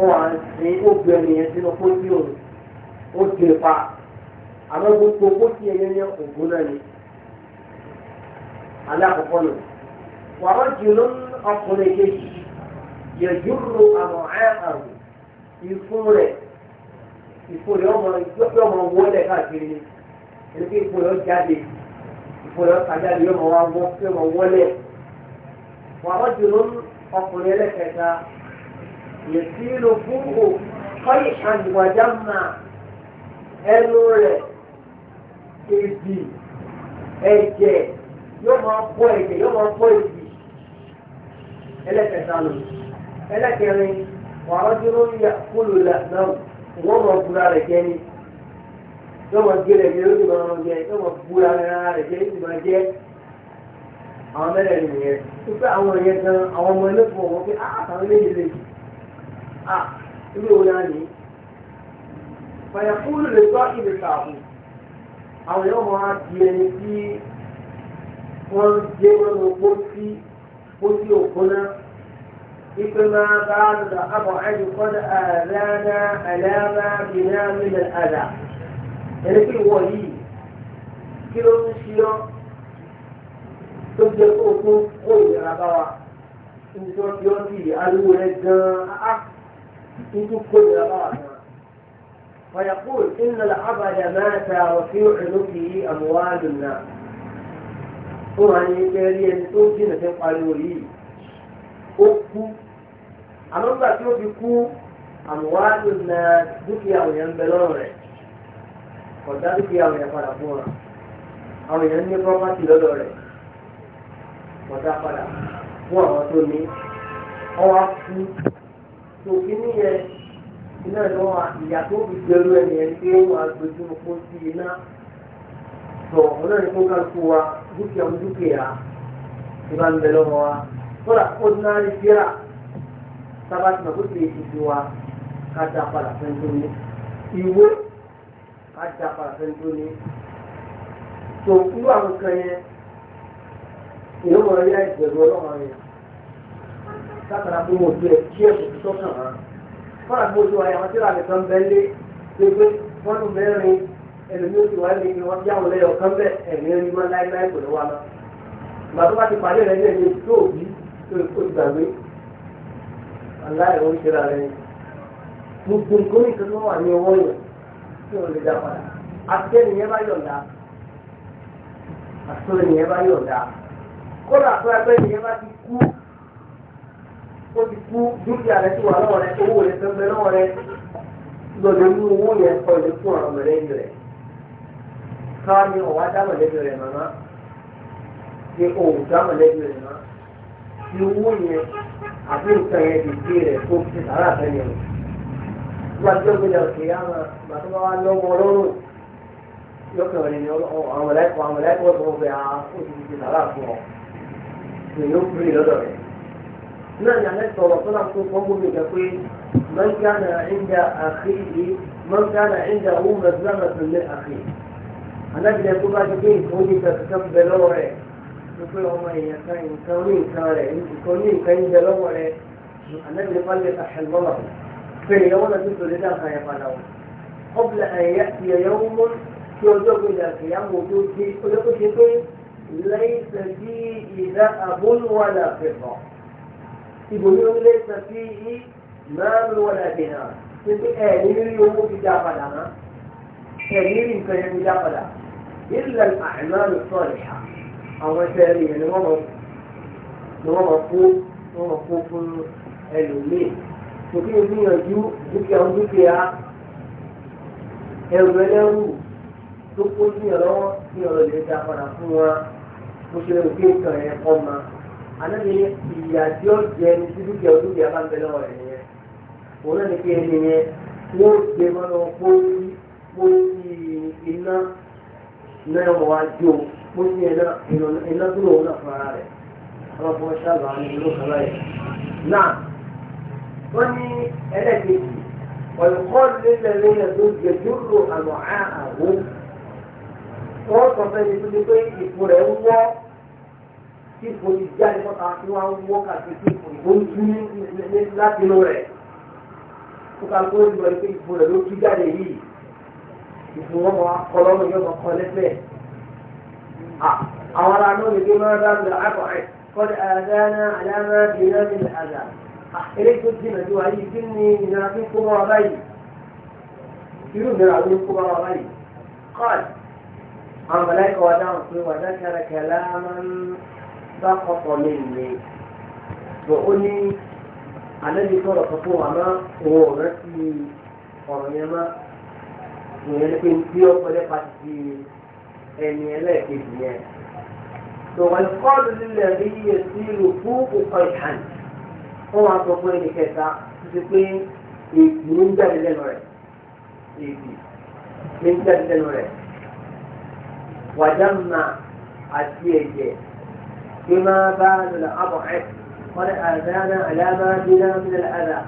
wọ́n á ní ó gbé ẹni sínú pósí òun ó dé pa àmọ́ gbogbo kó tiẹ̀ yẹn ní ògùn náà ni alákọ̀ọ́kọ́ nù wàá jùlọ ọkùnrin kejì yẹjúrò àmọ̀ ẹ̀ àrùn ìfún rẹ̀ ìfún rẹ̀ ọmọ ìjọba ọmọ wọlé káàkiri ni ẹni pé ìfún rẹ̀ ó jáde ìfún rẹ̀ ó kàjáde yọmọ wa wọ pé ọmọ wọlé wàá jùlọ ọkùnrin ẹlẹ́kẹta yẹtí ló fún òkú kọ́yìn àjùmọ̀já máa ẹnu rẹ̀ èdè ẹ̀jẹ̀ yóò máa pọ̀ ẹ̀jẹ̀ yóò máa pọ̀ èdè ẹlẹ́kẹta lò ẹlẹ́kẹrin wàá dúró yà kúlù là náà wọ́n máa búra rẹ̀ jẹ́ ni yóò máa gbé rẹ̀ jẹ́ yóò sì máa jẹ́ yóò máa búra rẹ̀ jẹ́ yóò sì máa jẹ́ àwọn mẹ́rẹ̀ẹ̀rin nìyẹn wípé àwọn ẹ̀yẹ gan àwọn ọmọ ẹlẹ́fọ̀ọ́ wọn pé àtàwọn ah, eléyìí lè ah ilé òun náà nìyí. فيقول لصاحب التعبير او يوم عاد يلتي قوم جيبن وقوتي قوتي وقنا إكما بعد أبو عيد قد آذانا ألاما بنا من الأذى يعني في الولي كيلو تشيلو تبدي القوتي قوي على بابا إن شاء الله يوم تيجي ألو هيدا أه أنتو قوي على بابا فيقول إن العبد مات وفي عنقه أموال الناس fún wa ní ẹrí ẹni tó jìnà sí pariwo yìí ó kú àmọ́ nígbà tí ó fi kú àmúwádò na dúkìá òyìn ń bẹ lọ́rùn rẹ̀ ọ̀dá dúkìá òyìn padà fún wa àwọn èèyàn ní pọ́pátì lọ́dọ̀ rẹ̀ ọ̀dá padà fún àwọn tó ní ọwọ́ kú tòkí níyẹn iná ni wọn ìyá tó fi gbẹrú ẹni ẹni pé wọn agbèjú kó sí iná tó ọ̀nà ni kó kálukú wa dúkìá mu dúkìá tí bá ń bẹ lọ́wọ́ wa kódà ó ní náà ní fíra sábà tí wọn kó tẹ̀ ìdí wa ká dá padà fẹ́ntó ní ìwé ká dá padà fẹ́ntó ní tó irú àwọn kan yẹn èyí wọn rí àìbẹ̀rù ọlọ́run yẹn sákàrà pé mo bẹ̀rẹ̀ kí ẹ̀sùn tó kàn án fọ́nà tó oṣù àyàwó tí ìlànà kan bẹ́ẹ̀ lé tó pé wọ́n tún mẹ́rin ẹlòmí oṣù wáyé ni wọ́n já wọlé ọ̀kan bẹ́ẹ̀ ẹ̀mí ẹni mọ́ láíláí kò ní wá lọ. ìgbà tó bá ti pàdé rẹ̀ ní ẹni tó òbí tó o ti gbàgbé aláìwọ́n ṣe ra rẹ̀ gbogbo nǹkan ní ìtọ́jú wà ní ọwọ́ yẹn tí wọ́n lè dá padà àtẹnìyẹn bá yọ̀ǹda bá yọ̀ǹda kódà tó ẹgbẹ́ bá ti kú ó ti kú dúkìá rẹ̀ ti wà lọ́wọ́ rẹ̀ owó rẹ̀ fẹ́ bẹ lọ́wọ́ rẹ̀ lọ́dọ̀ ní owó yẹn kọ́ ìlú fún ọ̀rọ̀ mọ̀lẹ́bí rẹ̀ káwá ni ọ̀wá dá mọ̀lẹ́bí rẹ̀ màmá ṣe òun dá mọ̀lẹ́bí rẹ̀ màmá ti owó yẹn àbí nǹkan yẹn ti gbé rẹ̀ kó fi sàrà fẹ́yẹ̀ rẹ̀ wọ́n ti lọ́gbẹ́ lọ sí àwọn bàtà wa lọ́wọ́ ọlọ́run lọ́kàn rẹ̀ ni àwọn mọ̀lẹ́kọ̀ọ́ àwọn mọ̀lẹ́kọ̀ọ́ tó ń bẹ àwọn òṣìṣẹ́ sàrà fún náà ní alẹ́ sọ̀rọ̀ tó náà tó kọ́ gbogbo ìgbà pé man kana inda akhihi man kana inda òun mẹ́tìlámà tó lé àkè alábìlẹ̀ tó bá ti dé nǹkan ojú kẹsìkẹ́ bẹ lọ́wọ́ rẹ̀ wípé ọmọ èèyàn kan nǹkan ní nǹkan rẹ̀ nǹkan ní nǹkan ń bẹ lọ́wọ́ rẹ̀ alábìlẹ̀ bá lè àṣẹlọ́wọ́ pé ìyàwó náà ti tòlé dáhà yẹn padà wọ̀ ọ̀bùlà ẹ̀yà ìyàwó mọ́ kí ọjọ́ gbèjà kìyàwó tó dé ọjọ́ tó ṣe pé lẹ́yìn tẹ̀sí ìdá àbóyúwà làfẹ̀fọ̀ ibòmí onílé san sí yí máa ń wọlé ẹ̀dẹ̀ náà pípé ẹ̀ ní rí owó fi dá padà mọ́ ẹ̀ ní rí nǹkan yẹn fi dá padà ilẹ̀ àìmáàlú sọ̀rọ̀ ìhà àwọn ẹsẹ̀ rí yẹn ni wọ́n mọ̀ kó wọ́n mọ̀ kó fún ẹlòmíì tòkí ìgbìyànjú dúkìá ń dúkìá ẹrù ẹlẹ́rù tó kó sí ọ̀rọ̀ sí lè dá padà fún wa bó ṣe rò pé ìtàn ẹ̀ kọ́ máa ànábi ìyà tí ó jẹ ní tí dúkìá olúkìá bá ń ni. lọ́wọ́ rẹ̀ nìyẹn òun náà ní kí ẹni yẹn wọ́n gbé mọ́nà pósí pósí iná náà wọ́n á jó pósí iná dúró òun náà fúnra rẹ̀ wọ́n fọ́ sábà ní ìlú kan láyé. náà wọ́n ní ẹlẹ́kejì ọ̀yọ̀kọ́ lélẹ́lẹ́yìn tó jẹ dúró àlọ́ àhàwọ́ wọ́n sọ fẹ́ni tó ti pé ìfún ń wọ́ tí kò ti jáde mọ́ta tí wọ́n ń wọ́ káàkiri tí kò tó ń tú ní láti inú rẹ̀ kó ká kó lọ pé ìbò rẹ̀ ló tú jáde yìí ìbò wọn máa kọ lọ́rùn yóò máa kọ lẹ́sẹ̀. àwọn ará náà lè gbé máa dá lọ àkọ́ ẹ̀ kọ́ni àdáná àdáná bìnnà ní àdá. eléyìí tó dì nàìjíríà yìí kí ni ìnira fi kó máa báyìí irú ìnira ló kó máa báyìí. قال عن ملائكة ودعوا وذكر كلاما bá kọ́kọ́ lé ìwé bọ̀ ó ní àlejò sọ̀rọ̀ kan fún wa máa òun ọ̀rẹ́ sí ọ̀rọ̀ yẹn má ìyẹn ni pé bí ọkọ̀ lẹ́pa ti di ẹni ẹlẹ́ẹ̀kejì yẹn. tòwọ́n kọ́ọ̀lù lílẹ̀ rí iye sí ìlú fún òkọ̀ ìhàn wọ́n wá sọ fún ẹnì kẹta títí pé èdè ń jáde lẹ́nu rẹ̀ èdè ń jáde lẹ́nu rẹ̀ wàjámà àti ẹ̀jẹ̀. بما بعد الأضعف قال آذانا على ما بنا من الأذى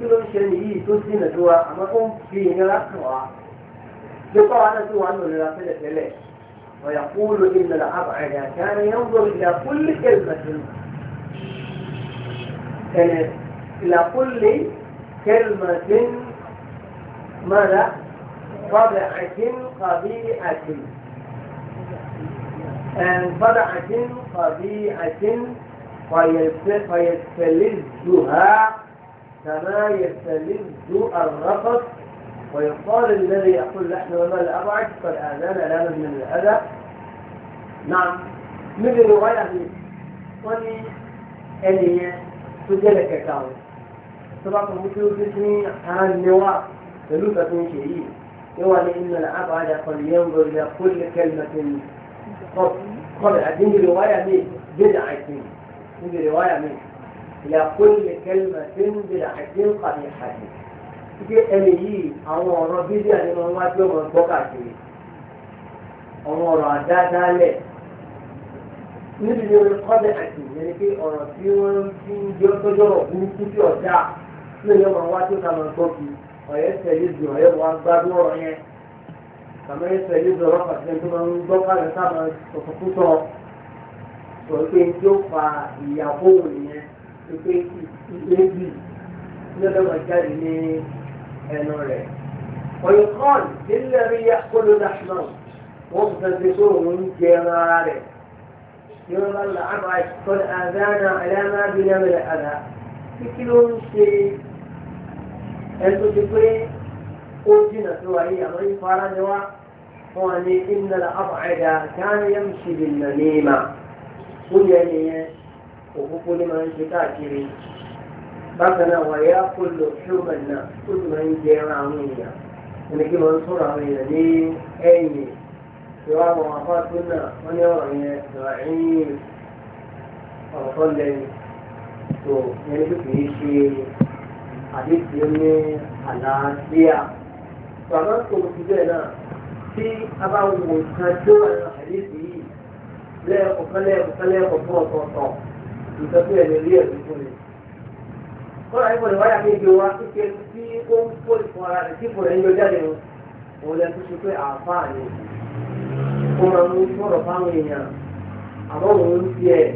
كل شيء تسلم سوى أمرهم فيه لا سوى يقول أنا ليش ويقول إن الأضعف كان ينظر إلى كل كلمة يعني إلى كل كلمة ماذا؟ طبعة قبيعة خدعة خديعة فيستلذها كما يستلذ الرفض ويقال الذي يقول نحن وما الأبعد فالآذان لا من الأذى نعم مثل رواية وني أني سجلك كاوي سبق المسلم باسمي عن النواة ثلاثة شيء يوالي إن الأبعد ينظر إلى كل كلمة فصل طبعا دي رواية مين بدعتين دي رواية مين لكل كلمة بدعتين قبيحتين Ibi ẹni yìí àwọn ọ̀rọ̀ bíbí àdínú wá tí wọ́n gbọ́ káàkiri. Àwọn ọ̀rọ̀ àdáadáalẹ̀. Níbi ni orin kọ́bẹ̀ àti ìyẹn pé ọ̀rọ̀ tí wọ́n fi ń jẹ́ tọ́jú ọ̀rọ̀ burúkú sí ọ̀dà tí èèyàn máa wá tí ó ta máa gbọ́ kí ọ̀yẹ́ tẹ̀lé ju ọ̀yẹ́ wọn gbádùn ọ̀rọ̀ yẹn kamar yadda yi zọrọ pàṣẹ tó máa ń gbọ́ pàṣẹ sábà sọ̀tọ̀kútọ̀ sọ̀rọ̀ pé tí ó fa ìyàwó nìyẹn tó pé ìlébi lọ́dọ̀ máa jáde ní ẹnu rẹ̀. ọ̀yọ̀kan nílẹ̀ rí akóló national wọ́n fi sọ pé sóò ń jẹ ara rẹ̀ yóò bá lọ àbá ìtọ́ni àdáná àdáná bí náà rẹ̀ àdá kíkí ló ń ṣe ẹni tó ti pé ó jìnnà tó wáyé àmọ́ ìfara ni wá. إخواني إن الأبعد كان يمشي بالنميمة قل يعني وقل ما أنت تاكري بطن ويأكل حب الناس قل ما أنت رامينة يعني كما أنت رامينة لي أيني سواء معافات لنا من يرعي رعيم وصلي تو يعني بكيشي حديث يمي حلاسية فما تقول كده tí a bá wò nǹkan tí ó wà nínú yìí lẹ́ẹ̀kọ̀kan lẹ́ẹ̀kọ̀kan lẹ́ẹ̀kọ̀kan ọ̀tọ̀ọ̀tọ̀ nǹkan tó rí ẹ̀dùn fún mi. kọ́ra ìbọn ìwáyà méje wa kíkẹ́ tí ó ń kó ìfún ara rẹ̀ tí ìfún rẹ̀ ń yọ jáde òun lẹ tó ṣe pé àáfàá ni ó máa sọ̀rọ̀ fáwọn èèyàn àmọ́ òun ẹ̀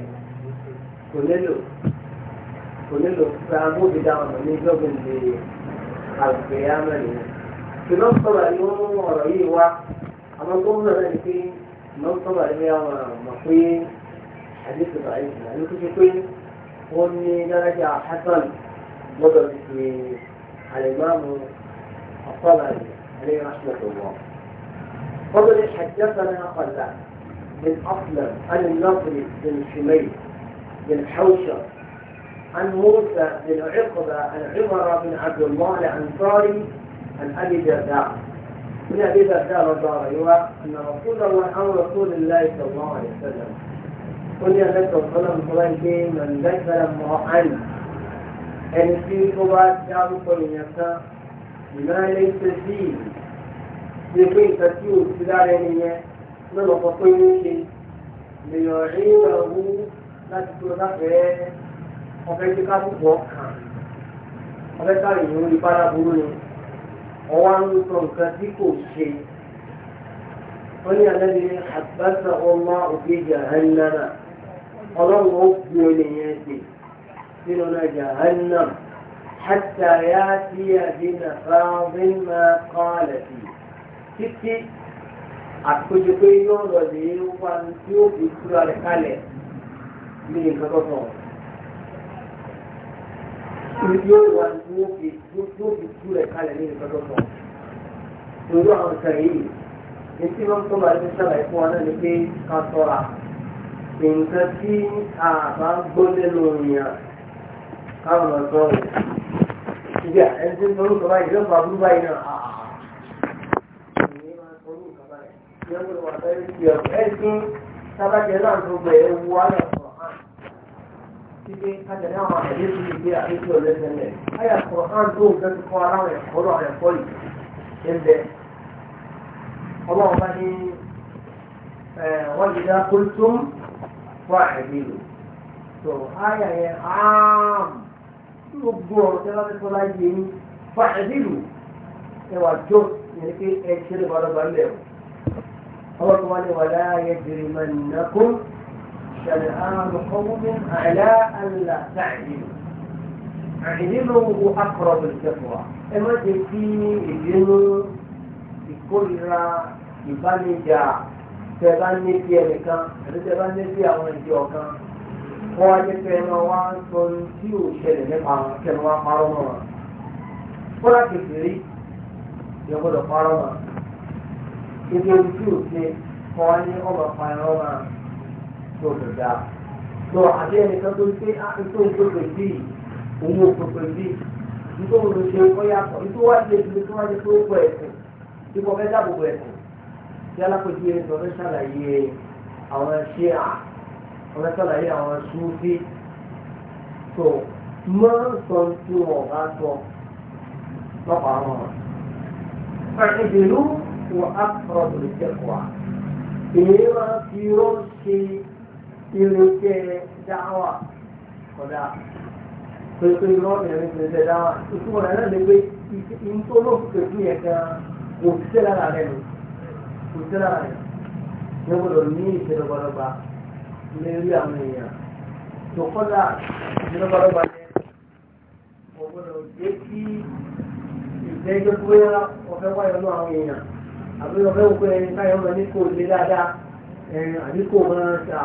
kò nílò kò nílò أما قلنا ذلك من طبع إليها مصرين حديث ضعيف لأنه كل شيء هو أن درجة حسن اسمي على الإمام الطبري عليه رحمة الله فضل حدثنا قلع من أصلا عن النصر بن شميل بن حوشة عن موسى بن عقبة عن عمر بن عبد الله الأنصاري عن أبي جرداء من أبي الدار الضاري أن رسول الله عن رسول الله صلى الله عليه وسلم قلنا ذكر صلى الله عليه وسلم من ذكر امرأة أن في قبات شعبك وينسى بما ليس فيه لكي تسيو سلالة من الخطوين ليعينه لا تتلقى وفيتك أبوك وفيتك أبوك وفيتك أبوك ọwọ́ ń sọ nǹkan tí kò ṣe wọ́n ní alẹ́ ní àgbàsà ọmọ òbí jahannama ọlọ́run ó bu ènìyàn dè sínú náà jahannama hàtà yá sí àdínà fáwọn máa kọ́ àlẹ́ sí títí àkójọ yóò lọ lè wá tí ó fi túra rẹ̀ kalẹ̀ ní nǹkan tó sọ̀rọ̀ yóò wà ní òkè yóò fi nǹkan ni pé ká tọ́ra nǹkan tí a bá gbọ́ lẹ́nu òyìnbó káwọn máa tọ́ rẹ̀ ibi ẹni tí ń tọ́lú kọ́ báyìí lọ́pàá burú báyìí náà àà ìyẹn máa tọ́lú kọ́ báyìí ìyẹn gbọ́dọ̀ wà sáyé ti ọ̀pẹ́ ẹ̀sìn sábàjẹ́ náà tó gbẹ̀ ẹ̀ wú wá náà pípé kájàdé àwọn àtẹ̀lé tó lè gbé àdéhùn ọ̀rẹ́ sẹ́lẹ̀ káyà kọ̀ án tó ń fẹ́ fún ara rẹ̀ ọ̀rọ̀ rẹ̀ fọ́ yìí ń bẹ. ọlọ́run bá ní wọ́n lè dá kólítún fún àìrí lò. tó áyà yẹn áàm tí ó gbọ́ ọ̀rọ̀ شنآن قوم على ألا تعدلوا اعدلوا أقرب الكفوة إما تكي الجنو بكل ìbánijà tẹ bá ní bí ẹnìkan àti tẹ bá ní bí àwọn ìdí ọ̀kan kọ́ ajẹ́fẹ́ ẹran wa ń sọ tí ò ṣẹlẹ̀ nípa kẹnu wa parọ́ mọ́ wọn. kọ́lá kékeré yẹ gbọ́dọ̀ parọ́ mọ́ kékeré tí ò ṣe kọ́ wa ní ọmọ pa ẹran wọn tó kò dáa ah, tó àti ẹnìkan tó gbé àtúntò ìgbòkè bí òun òkòkò bí nítorí òun ṣe kọ́ yàtọ̀ nítorí wá ṣe ìdílé tó wá ṣe tó kọ ẹ̀sìn tí mo fẹ́ dáàbò bo ẹ̀sìn tí alákòjú yẹn sọ fẹ́ ṣàlàyé àwọn ṣé à wọn fẹ́ ṣàlàyé àwọn ṣúfí tó mọ́ sọ tí wọn bá sọ lọ́pàá wọn. فاعدلوا وأقرب للتقوى. إيه ما في رشد irinṣẹ́ dáwà kọ̀dá pépé lọ́ọ̀nìyàn irinṣẹ́ dáwà ìtumọ̀ rẹ̀ náà lè pé ìtò olóòkùnkè fún yẹn gan kò síṣẹ́ lára rẹ̀ lò kò síṣẹ́ lára rẹ̀ yẹn gbọ́dọ̀ ní ìṣèlọ́gbàdọ́gba lérí àwọn èèyàn tó kọ́dà ìṣèlọ́gbàdọ́gba yẹn kò gbọ́dọ̀ dé kí ìgbẹ́jọ́ tó yẹra ọ̀fẹ́ wáyọ̀ lọ àwọn èèyàn àbí ọ̀fẹ́ òkú ẹni káyọ̀ lọ ní kò lé dáadáa ẹ̀yìn àdínkù máa ń ta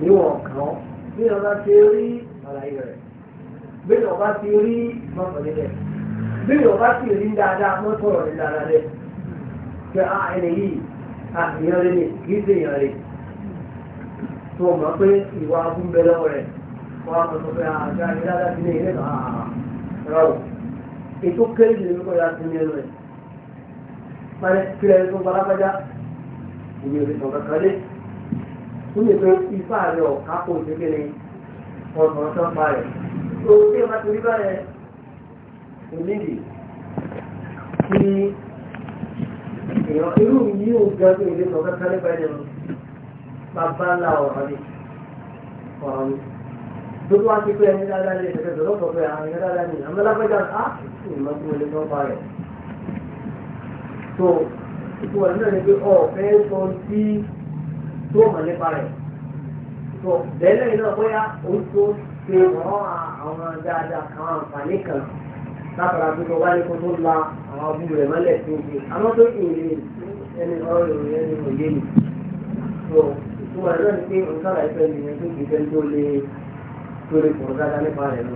níwọ̀n kan bí ọba ti rí àlàyé rẹ̀ bí ọba ti rí mọ́tò nílẹ̀ bí ọba ti rí dáadáa mọ́tò rẹ̀ dáadáa lẹ̀ pé a ah, ẹni yìí a èèyàn rẹ̀ ni kì í ṣe èèyàn rẹ̀ tó o mọ̀ pé ìwà abúmbẹ lọ́wọ́ rẹ̀ wọ́n á mọ̀ sọ pé ah, àgbà ní dáadáa ti ní ilé náà ah, rà ó ètò kéré jù lóko ya ti ní ẹnu rẹ̀ pálẹ̀ kílẹ̀ tó balabajá ó lè pe ifá rẹ̀ ọ̀ká kò sí kéré ọ̀sán tó ń pa rẹ̀ tó tí wọ́n ti rí báyẹn onídìí kí èèyàn irú yìí ò ga pé ìlé sọ kankan nípa ẹni lọ bàbá ńlá ọ̀rọ̀ ni ọ̀rọ̀ ni gbogbo wa ti pé ẹni dáadáa ní ìṣẹ̀lẹ̀ tó lọ́sọ̀ pé àwọn ẹni dáadáa ní àmì lágbájá á sì mọ sí ilé tó ń pa rẹ̀ tó ìfowópamọ́ ní pé ọ̀fẹ́ sọ sí tó mọ̀ nípa rẹ̀ tó bẹ́ẹ̀ náà bóyá ó tó ṣe wọ́n àwọn dáadáa kan àǹfààní kan látara tó lọ wá ní kó tó la àwọn ọdún rẹ̀ mọ́lẹ̀ tó ṣe àmọ́ tó kì í lè ẹni ọ̀rọ̀ ìròyìn ẹni kò yé mi tó ìtumọ̀ rẹ̀ náà ni pé nǹkan rẹ̀ fẹ́ mi tó kì í fẹ́ tó lè tó lè pọ̀ dáadáa nípa rẹ̀ lọ.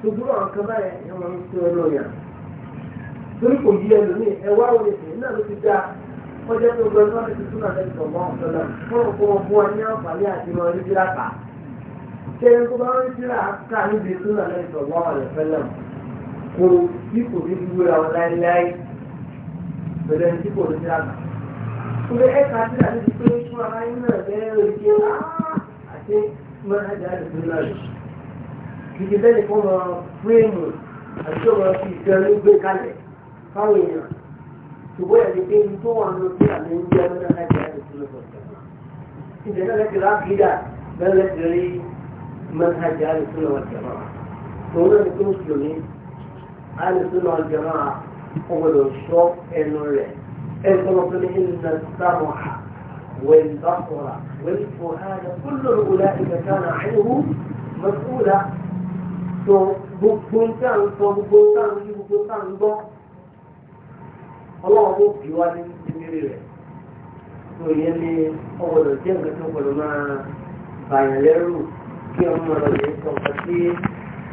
ṣùgbọ́n àwọn kan báyẹn ni wọ́n ń tó ẹ lọ́yà torí kò yí ẹlòmíì ẹ wá òye sí náà ló ti dáa ó jẹ́ pé gbogbo ẹgbẹ́ ti túnà lẹ́yìn tó mọ́ ọ̀tọ́lọ́ fún òkú wọn fún ọ ní àǹfààní àti lọ rí bíra kà ṣé ẹni tó bá rí bíra kà níbi túnà lẹ́yìn tó mọ́ ọ̀lẹ́fẹ́lẹ́ kò bí kò ní dúró ra wọn láéláé pẹ̀lú ẹni tí kò ní bíra kà. Ṣé ẹ̀ka tí a ti di pé fún ara yín bẹ́ẹ̀ rẹ̀ kí á àti àti ọ̀rọ̀ fi ìfẹ́ ṣùgbọ́n ẹni pé ní tó wọn lọ sí àmì ń jẹ́ lọ́dọ̀ láti láti tó lọ́dọ̀ ìjẹ́ náà lẹ́tì rákìdá bẹ́ẹ̀ lẹ́tì rí mẹ́tàjì àlùsùn náà jẹ̀mọ́ tòun náà ni pé mùsùlùmí àlùsùn náà jẹ̀mọ́ ọgbọ́dọ̀ sọ ẹnu rẹ̀ ẹ̀ sọ́mọ́ tó ní ìlànà sáwọn والبصر والفؤاد كل أولئك كان عنه مسؤولا gbogbo nǹkan sọ gbogbo nǹkan yí gbogbo nǹkan gbọ́ ọlọ́run ó bí wá ní ìdílé rẹ̀ tó yẹ ní ọgbọ̀dọ̀ jẹ́ nǹkan tó gbọdọ̀ máa bàyàn lẹ́rù kí ọmọ rẹ̀ lè sọ nǹkan tí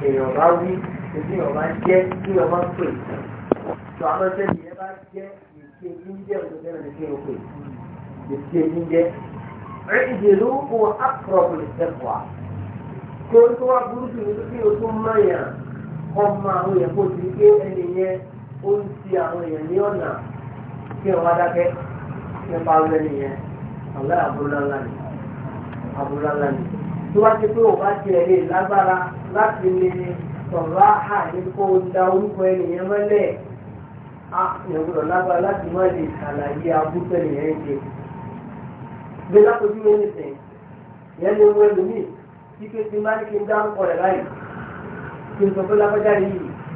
èèyàn bá wí èdè èèyàn bá jẹ́ kí èèyàn bá pè tó àwọn tẹ́lẹ̀ yẹn bá jẹ́ ìṣe jíjẹ́ òkú tẹ́lẹ̀ ní kí n pè ìṣe jíjẹ́ ìdèlú kò àkọọ̀bù ìṣẹ̀fọ̀ kí o tó wá burúkú ní kí o tó máyà ọmọ àwọn èèyàn kó ti ké ẹni yẹn ó si ti àwọn èèyàn ní ọ̀nà kí wọ́n dákẹ́ nípa ọlẹ́ nìyẹn ọ̀lẹ́ àbúrò ńlá ni àbúrò ńlá ni tí wọ́n ti pé ò bá tiẹ̀ lè lágbára da orúkọ ẹnìyẹn mọ́lẹ̀ á yẹn gbọ́dọ̀ lágbára láti má lè ṣàlàyé abúlé nìyẹn ṣe. bí lápòjú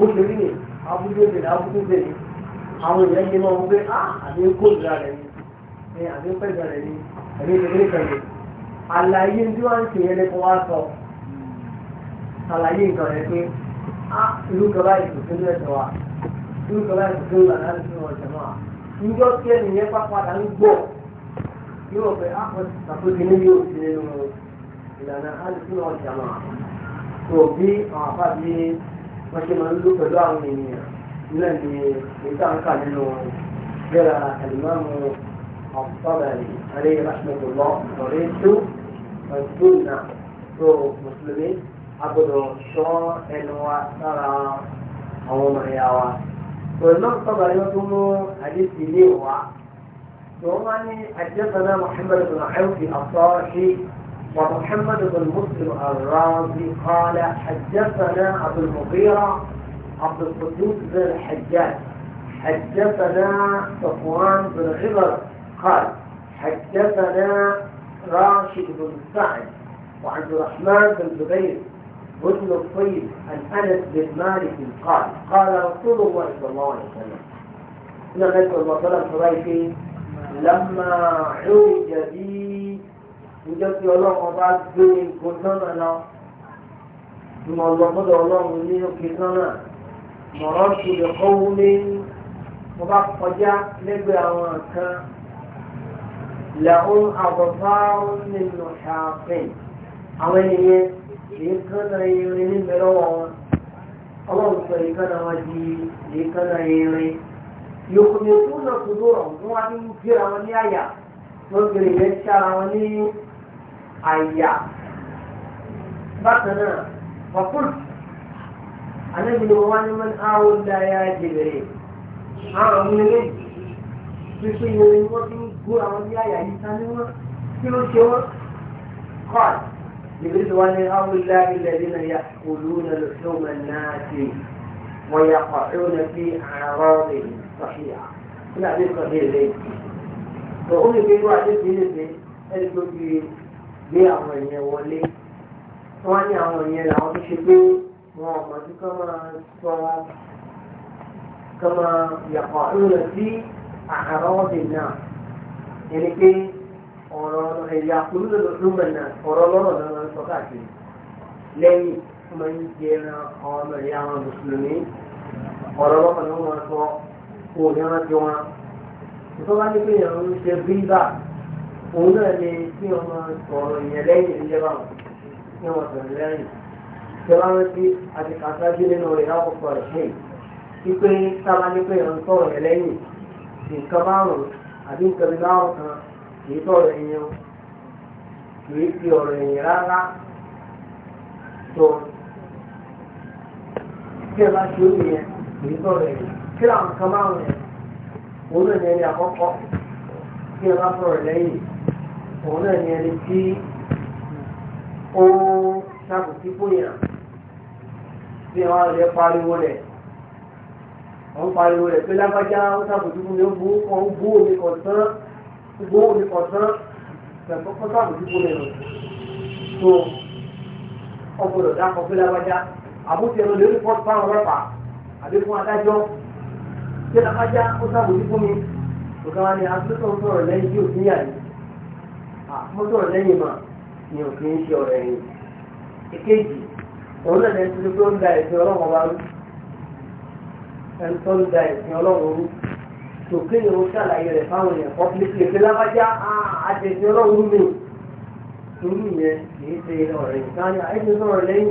mi nìsín abúlé bèrè abúlé bèrè àwọn èèyàn lè máa wọ pé á àbí kó ìlera rẹ̀ ni àbí pẹ́ ìlera rẹ̀ ni àbí kékeré kan ni àlàyé tí wọ́n ń ṣe yẹn lẹ́kọ̀ọ́ wá sọ àlàyé nǹkan rẹ̀ pé á ìlú kaba ìtòsí ló ẹ̀sọ́ wa ìlú kaba ìtòsí ló lànà ìlú ọ̀jọ̀ náà níjọ́ tí ẹnìyẹn pápádà ń gbọ́ yóò fẹ́ ah, àkọsí ní yóò ṣe nínú ìlànà wọ́n ṣe máa ń lò pẹ̀lú àwọn ènìyàn nílẹ̀ ní ìta ń kà nínú gbéra àlùmọ́ọ̀mù ọ̀pọ̀bẹ̀rẹ̀ àlẹ́ ìrásùmọ̀tòlọ́ ọ̀rẹ́ tó ọ̀dúnà tó mùsùlùmí agbọ́dọ̀ sọ ẹnu wa lára àwọn ọmọ ìyá wa. pẹ̀lú náà sọ̀bẹ̀rẹ̀ wọn tó mú àdéhùn ilé wa. wọ́n wá ní àdéhùn náà Muhammad bin Awf ومحمد بن مسلم الرازي قال حدثنا أبو المغيرة عبد القدوس بن الحجاج حدثنا صفوان بن غبر قال حدثنا راشد بن سعد وعبد الرحمن بن زبير بن الطيب عن انس بن مالك قال قال رسول الله صلى الله عليه وسلم ان النبي صلى الله عليه وسلم لما عوج بي níjọ́ tí ọlọ́run bá gbé igun sánà lọ ìmọ̀ ọlọ́mọdé ọlọ́run ní òkè sánà mọ̀rọ́ tìlẹ̀ kọ́wú ní mo bá kọjá lẹ́gbẹ̀ẹ́ àwọn nǹkan lẹ́hún àbọ̀fáàrún nínú ṣàfihàn àwọn ènìyàn èyí kan náà irin níbẹ̀ lọ́wọ́ wọn ọlọ́run sọ èyí kan náà wọ́n di èyí kan náà irin yòókù ní ètò náà tó dúró wọn wá ní gbéra wọn ní àyà wọ́n gbèrè yẹn ṣára wọn ní àyà bákan náà wàkùn anábìlẹ̀ wọn ni wọn áwọ dáyà jẹrẹ àwọn ọmọ ẹgbẹ́ pípé ìwé ni wọ́n fi ń gbó àwọn bí àyà yìí sáré wọn kí ló ṣe wọn kọ́ọ̀t jẹrẹ tí wọn ni áwọ dáyà lẹ́yìn náà yà kúlú náà lọ́sọ̀ọ́ wọn náà ṣe wọ́n yà kọ́ọ̀tù náà fi àárọ̀ rẹ̀ sọ̀ṣìyà kí ló àdéhùn kan dé lẹ́yìn. tọ́ ó lè gbé irú àdéhùn tó fi gbé àwọn èèyàn wọlé wọ́n ní àwọn èèyàn làwọn tó ṣe pé wọn ọmọ tí kán máa sọ kán máa yàpọ̀ ńlọ sí àkàrọ́ọ̀dì náà ẹni pé ọ̀rọ̀ ẹ̀yà kúrúlẹ̀ lọ́dúnmọ̀ náà ọ̀rọ̀ lọ́rọ̀ lọ́rọ̀ sọ káàkiri lẹ́yìn tó máa ń jẹ ọmọ ìyá àwọn mùsùlùmí ọ̀rọ̀ lọ́kàn ló máa sọ kó o ní rántí wọn. ìtọ́wá ní pé ìyàwó ń ṣe bíbà òun náà ni kí wọ́n máa sọ̀rọ̀ ìyẹn lẹ́yìn ìjẹ́ bá wọn kí wọ́n sọ̀rọ̀ lẹ́yìn ìjọba rántí àti kàtàkì nínú rẹ̀ lákòókò rẹ̀ ṣe wípé sábà ní pé ìrìn sọ̀rọ̀ yẹn lẹ́yìn nǹkan márùn-ún àbí nǹkan bí márùn-ún kan kì í sọ̀rọ̀ ẹ̀yìn kì í fi ọ̀rọ̀ ẹ̀yìn rárá tó kí ẹ bá ṣe ó nìyẹn kì í sọ̀rọ̀ ẹ̀yìn kí làwọn kan márùn-ún yẹn òun náà yẹn ni àkọ́kọ́ tí ẹ bá sọ̀rọ̀ lẹ́yìn òun náà ni ẹni tí ó ṣàkóso fòyàn tí ẹ wá lè pariwo rẹ̀ wọ́n pariwo rẹ̀ pé lágbájá ó ṣàkóso fún mi ó bú kan bú omi kan tán bú omi kan tán ṣàkóso ṣàkóso fún mi tó ọgbọ́dọ̀ dákọ̀ pé lágbájá àbúté ẹ̀rọ lórí fọ́ọ̀tù fáwọn ọlọ́pàá àbí fún adájọ́ pé lágbájá ó ṣàkóso fún mi nǹkan wá ní asúlùtò ń sọ̀rọ̀ lẹ́yìn tí òfin yà ní mo sọ̀rọ̀ lẹ́yìn mà ni òfin ń ṣe ọ̀rọ̀ ẹ̀yìn èkejì òun náà lẹ́yìn tuntun tó ń da ẹ̀sìn ọlọ́run wa rú ẹni tó ń da ẹ̀sìn ọlọ́run rú tòkè ni ó ṣàlàyé rẹ̀ fáwọn èèyàn kọ́ fi lè fi lábájá àtẹ̀sìn ọlọ́run rú mi torí yẹn kì í ṣe ọ̀rọ̀ ẹ̀yìn káyà ẹ̀sìn sọ̀rọ̀ lẹ́yìn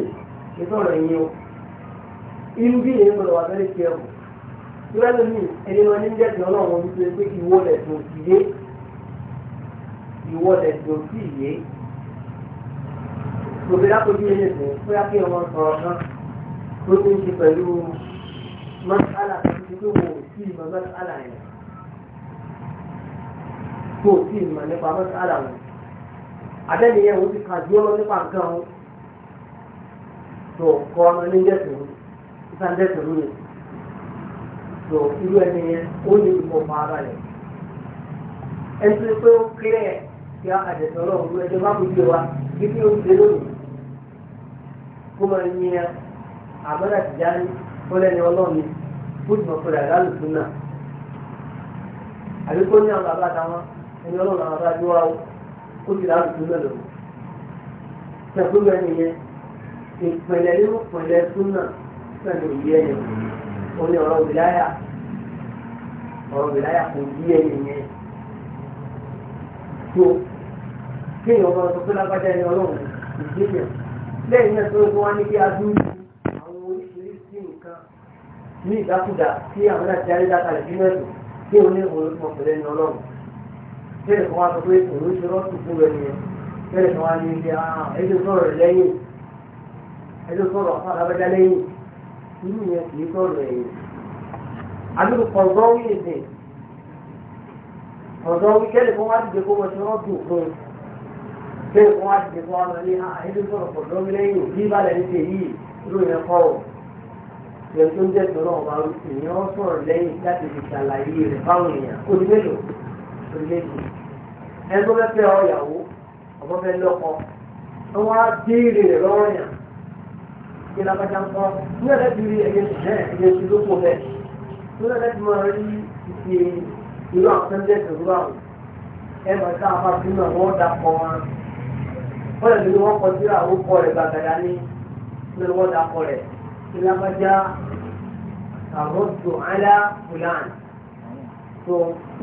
ìsọ̀rọ̀ ẹ̀yìn o irú bí èèyàn gbọ́dọ̀ wà fẹ́rẹ̀ ṣe ẹ̀kọ́ lọ́dún mi ẹni wọn ní ń jẹ́sìn ọlọ́run ọdún tó yẹ pé ìwọ lẹ̀ tó yé ìwọ lẹ̀ tó yé òbí lápòjú yẹn lè fún yá ọmọ sọ̀rọ̀ kan tó ti ń ṣe pẹ̀lú mọ́sálà tó ti pé wò sí ìmọ̀ mọ́sálà yẹn wò sí ìmọ̀ nípa mọ́sálà wọn abẹ́ni yẹn ti kà nípa nǹkan wọn tó kọ́ ọmọ ní tó irú ẹni yẹn ó lè ìfọ̀mọ́ ara rẹ̀ ẹsẹ̀ pé ó kílẹ̀ kí á àjẹsọ̀ ọlọ́run ló ẹjọ́ bá kojú wa kí kí ó ṣe lónìí kó máa ń yan àmọ́dá ti já ní kó lẹ́ni ọlọ́run ni kó tìmọ̀ pé rẹ̀ lálùkù náà àbí kó ní àwọn bàbá àtàwọn ẹni ọlọ́run àwọn bàbá yóò wá kó ti lálùkù náà lòun ṣàkóso ẹni yẹn ìpìlẹ̀ nínú ìpìlẹ̀ súnà náà ló yẹ ẹni ó ní ọ̀rọ̀ wìláyà ọ̀rọ̀ wìláyà kò yí ẹ̀yìn yẹn tó kéèyàn ọmọ ọdún tó lágbájá ẹni ọlọ́run ìgbéyàn lẹ́yìn náà tó ń wá ní kí a dúró àwọn oríṣiríṣi nǹkan ní ìdákùdà tí àwọn náà ti arídá kalẹ̀ sínú ẹ̀sùn kí òun ní òun mọ̀ pẹ̀lẹ́ ní ọlọ́run bẹ́ẹ̀ kan wá sọ pé òun ṣe rọ́ọ̀tù fún ah, rẹ̀ nìyẹn bẹ́ẹ̀ kan wá ní ilé ẹjọ́ sọ̀rọ̀ lẹ́yìn ẹjọ́ sọ̀rọ̀ sùúrù yẹn kì í sọ̀rọ̀ ẹ̀yìn àdúgbò kọ̀ọ̀dọ́wì èdè kọ̀ọ̀dọ́wì kẹ́lẹ̀ kó wá dìde kó wọ́n ti rọ́ọ̀dù fún un kẹ́lẹ̀ kó wá dìde kó wá lọ ah, ní àhẹ́dẹ́ sọ̀rọ̀ kọ̀ọ̀dọ́wì lẹ́yìn òbí balẹ̀ ní ṣe yìí ló yẹn kọ́ ọ̀ yẹn tó ń jẹ́ sọ̀rọ̀ ọ̀bà ènìyàn sọ̀rọ̀ lẹ́yìn láti fi ṣàlàyé rẹ̀ fáwọn èèyàn ó ní mélòó ó ní méjì ẹni tó fẹ́ fẹ́ ọ̀yàwó ọ̀bọ fẹ́ lọ́kọ wọ́n á dé ìrè rẹ̀ lọ́rọ̀ yàn kí lágbájá ń kọ́ nígbà tẹ́ ti rí ẹ̀yẹ ṣẹ́ ẹ̀yẹ ṣe ló pọ̀ bẹ́ẹ̀ nígbà tẹ́ ti máa rí ìṣe ìlú àwọn sẹ́ńtẹ́ ìṣòro àwọn ẹ̀ máa ká apá sí náà wọ́n dà kọ́ wọn. wọ́n lè lórí wọn kọ sí àwọn kọ rẹ̀ gbàgàdà ní lórí wọn dà kọ́ rẹ̀ kí lágbájá àwọn tó àlá fúlàn tó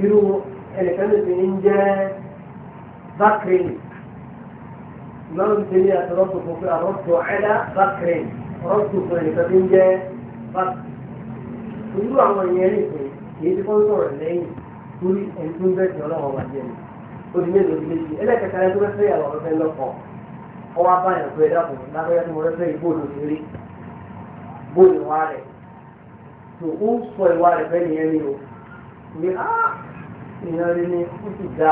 irú ẹnìkan ló ti ń jẹ́ bákìrì ìmọ̀ràn ti ní àtọ̀rọ̀tò fún pé àrọ́tò ẹ̀dá bákẹ́rẹ́ ọ̀rọ̀tò fún ẹ̀nìkan tó ń jẹ́ bákẹ́rẹ́. irú àwọn ìyẹn lè pè kìí tí wọ́n sọ̀rọ̀ lẹ́yìn torí ẹni tó ń bẹ̀ tí ọlọ́wọ́ wà jẹ́ ni. ó di mélòó di méjì ẹlẹ́kẹ̀kẹ́ rẹ tó fẹ́ fẹ́ yàrá ọ̀rẹ́ lọ́kọ̀ ọwọ́ abáyàn pé ẹ̀dá kùn lábẹ́yà tó wọlé fẹ́ ni ah! ni ó ti ga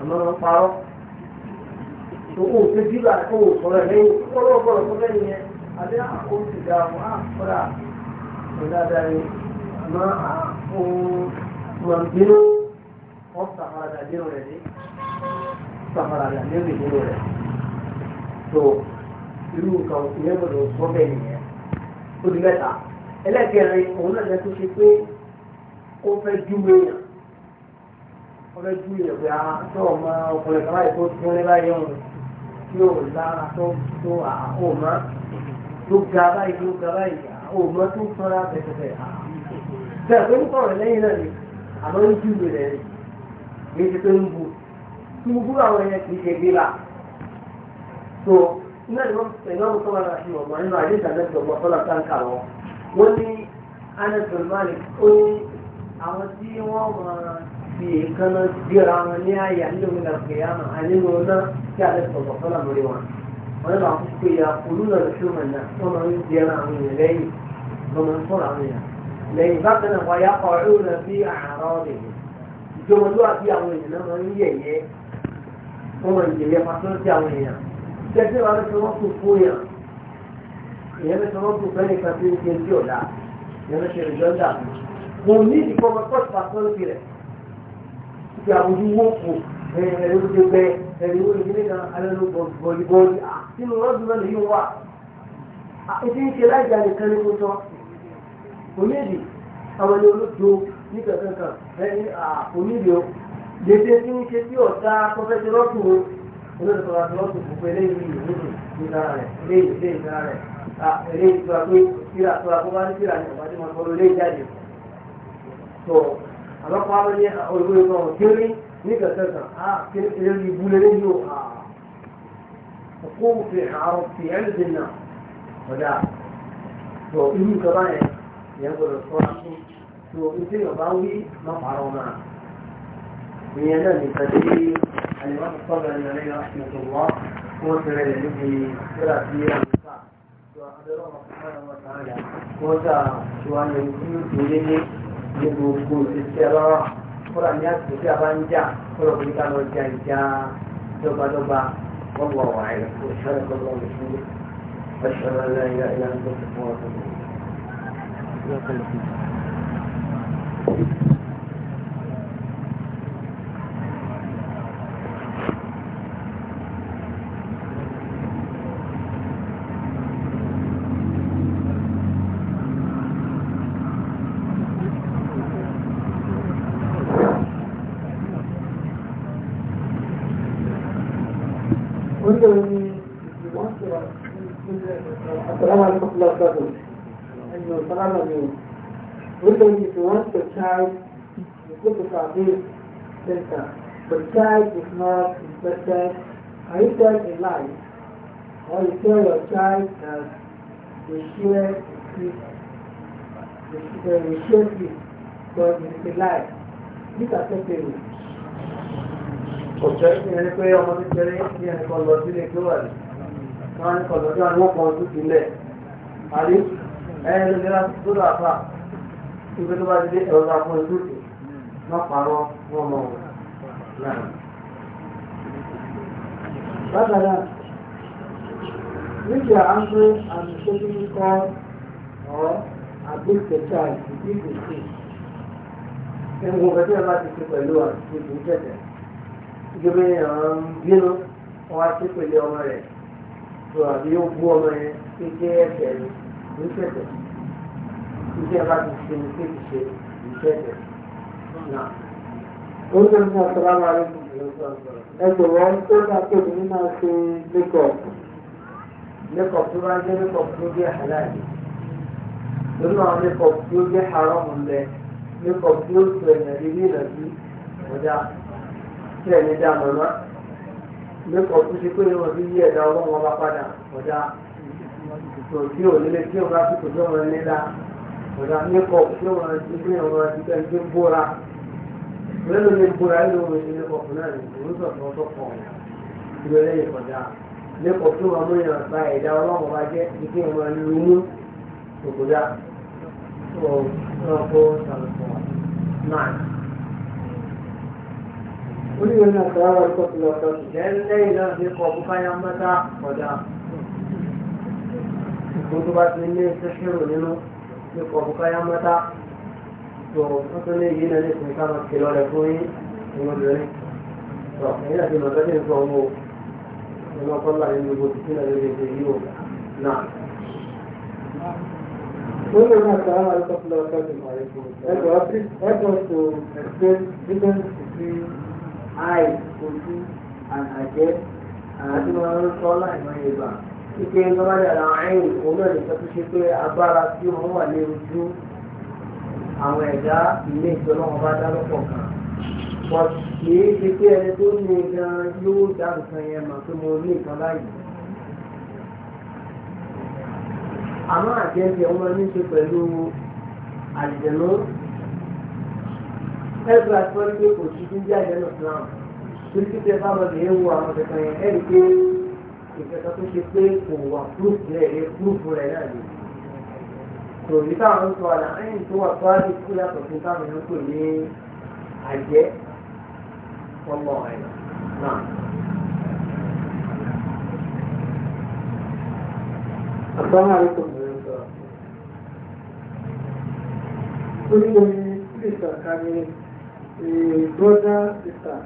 àmọ́ wọn òun ò fi bíbà tó o sọ̀rọ̀ lẹ́yìn kọ́lọ́ bọ̀rọ̀ fún lẹ́yìn yẹn àbí àkókò ti dà wọ́n á fọ́ra ìdáadáa yẹn àmọ́ òun wọn bínú wọ́n sàfaradà lérò rẹ̀ ní sàfaradà lérò ìdúró rẹ̀ tó irú nǹkan ìyẹn gbọ́dọ̀ sọ bẹ́ẹ̀ nìyẹn ó di mẹ́ta ẹlẹ́kẹ̀rin òun náà lẹ́tọ́ ṣe pé ó fẹ́ júwe yàn ó fẹ́ júwe yàn pé àtọ́ ah, ọmọ ọkùnrin kan láì tó tún lé láyé òun tí ò lára tó tó àhóòmọ́ tó ga báyìí tó ga báyìí àhóòmọ́ tó sanra pẹ̀tẹ̀pẹ̀ à. bẹ́ẹ̀ pé ń sọ̀rọ̀ lẹ́yìn náà ni àmọ́ ń júwe rẹ̀ ni kì í ṣe pé ń bu tí mo búrò àwọn ẹ̀yẹ kì í ṣe gbéra. tó iná ìwọ́n ìwọ́n tó wà láti ọ̀gbọ́n nínú àyè ìdàgbàsókè ọ̀gbọ́n sọ́lá táǹkà lọ wọ́n ní fi èékánná gbéra wọn ní àyà ní òun là pè ámà àníwò náà tí alẹ́ sọ̀rọ̀ sọ́là lórí wọn. wọn náà kó pé ya olúna lóṣù mọ̀nà wọn máa ń gbéra àwọn èèyàn lẹ́yìn wọn máa ń sọ̀rọ̀ àwọn èèyàn. lẹ́yìn bákan náà wáyà ọ̀rọ̀ rẹ̀ bí àárọ̀ rẹ̀ ìjọmọlúwàbí àwọn èèyàn náà máa ń yẹ̀yẹ́ wọn máa ń yẹ̀yẹ́ pàtó àwọn èèyàn tẹ́tí wa ló fi wọ́n kú fún yàn èèyàn ló fi wọ́n ti àwùjọ wọ́pọ̀ ẹ̀rọ bẹ ẹ̀rọ ìgbìlẹ̀ kan alẹ́nu bọ̀lìbọ̀lì sínú rọ́ọ̀dù náà lèyí wà ètí ń ṣe láìjà nìkan ní kó tọ́ onídìí àwọn ẹni olóòtú ní kankan ẹni onídìí o lèdè tí ń ṣe tí ọ̀tá pọ́fẹ́sì rọ́ọ̀tù o olóòtú tó rọ́ọ̀tù rọ́ọ̀tù kò pé lẹ́yìn ìlú ìlera rẹ̀ lẹ́yìn ilé ìlera rẹ̀ lẹ́yìn ìtura pé kíra tó akọ́bá àlọ́pàá ló ní òwe náà kéré ní kẹsẹ̀sán á kéré kéré ní ibú lélẹ́ yìí ó hà òkú fi àrùn fi ẹ̀rù dín náà ọ̀dà tó irú ìjọba yẹn yẹn gbọdọ̀ sọ́ra fún tó ìdí ìjọba wí má parọ́ náà ìyẹn náà nìkan tí àyẹ̀wò sọ́dọ̀ ìrìnàlẹ́yìn àṣìṣòwò wọ́n ti rẹ̀ níbi ìṣẹ́lá sí àmìká tó àbẹ̀rọ̀ ọmọ ní gbogbo ìṣiṣẹ́ lọ́rọ̀ kóra ní àsìkò tí a bá ń jà kóra kò ní ká lọ jà ìjà dọ́gbadọ́gba wọ́n wà wà ẹ̀ kó sọ́rọ̀ kó lọ́wọ́ ìṣúlé ọ̀ṣọ́rọ̀ ilẹ̀ ilẹ̀ ilẹ̀ ń tó ti fún ọ alamin wanda is once the child you put the family center. The child is not interested either in life or you tell your child that they share his they share his but it's a lie. These are separate. Ọ̀sẹ̀ ìyẹn ni pé ọmọ kékeré ní ẹnìkan lọ sílé ẹni mìíràn tó lọ àfà ìgbé tó bá ti dé ẹ̀rọ lápò ìlú ìpè wọ́n parọ́ wọ́n mọ̀ wọn náà. bákan náà níbi àánú àmì tó ní kọ́ ọ́ àgbékẹ̀kẹ́ àìsí bí kò sí ẹ̀wọ̀n kẹ́kẹ́ ẹ̀ bá ti ṣe pẹ̀lú àti ìgbésẹ̀ ìjọba ẹ̀ràn bínú wọn á ṣe pẹ̀lú ọmọ rẹ̀ tó àbí ó bú ọmọ yẹn kékeré ẹ̀fẹ̀ ni kì í ṣẹ̀tẹ̀ iṣẹ́ bá ti ṣe ní pé kì í ṣe kì í ṣẹ̀tẹ̀ náà. ó ní ọjọ́ àtàlámà rẹ̀ ẹ jọ̀wọ́ tó bá tóbi ní máa ṣe mékọ̀ọ̀pù mékọ̀ọ̀pù tó bá jẹ́ mékọ̀ọ̀pù tó jẹ́ àláàlì lórí àwọn mékọ̀ọ̀pù tó jẹ́ haramu ń mékọ̀ọ̀pù tó sọ ẹ̀yàn rí ní ìrọ̀jú ọjà tí ẹ̀mí dá mọ̀mọ́ mékọ̀ọ̀pù ṣe pé wọ́n fi yí ẹ̀dá ọlọ́wọ́ bá padà ọjà tò tí ò nílé tí òun lásìkò tí òun nílá ọ̀dà níkọ̀ tí òun ti gbé òun ti gbé ẹgbẹ́ bóra lẹ́nu ní bóra nínú òun ti níkọ̀ fún náà ní òun sọ̀tọ̀ ọ̀tọ̀ pọ̀ ìrẹ̀lẹ̀ ìkọ̀dá níkọ̀ tí òun mú ìrìn àgbà ẹ̀dá ọlọ́run bá jẹ́ ti kí òun lu mú òkúdá ọ̀pọ̀ sàlùfọ̀ náà. Oníwèé náà sọ̀rọ̀ ìkọ̀tùlọ̀tọ̀ ṣùgbọ́n lẹ́yìn náà ní kọ̀ bó bá yá mọ́ta ọ̀dà tó tó bá ti ní sẹ́ṣẹ̀rò nínú ní kọ̀ọ̀kọ̀káyá mọ́ta tó wọ́n tó ní yìí náà ní ìpínká máa kí lọ́rẹ̀ fún yín ìwọ̀n obìnrin tó ẹ̀yìn àti màtá tí ń sọ ọmọ ọmọ ọkọ̀lá ní gbogbo títí náà lórí ètò yìí ó náà. When we have the Ahmad Kapla help us to explain difference between I, Oju, and Ajay, and Adimaru Kola in Yoruba pípé lọ́wọ́dà láàárín òun náà nìkan tó ṣe pé agbára tí ó wà ní ojú àwọn ẹ̀dá ilé ìjọba wọn bá dá lọ́pọ̀ kan wọ́n kì í ṣe pé ẹni tó ní gan yóò dá nǹkan yẹn mà pé mo ní nǹkan báyìí. àmọ́ àjẹjẹ wọn ní ṣe pẹ̀lú àjẹnú ẹgbẹ́ àtúwárí kò sí jíjẹ́ àjẹnú islam torí pípẹ́ bá wọn lè wo àwọn kẹkẹ yẹn ẹ̀rí pé ìkẹta tó ṣe pé kò wà púrúfù rẹ̀ ní náà ni tòrí táwọn ń sọ àlà ẹ̀yìn tó wà tó á kú yàtọ̀ sí táwọn ń pè ní àjẹ́ ọmọ ẹ̀ náà. Assalamu alaikum onígbòmí sísà kàmí eh, brother sister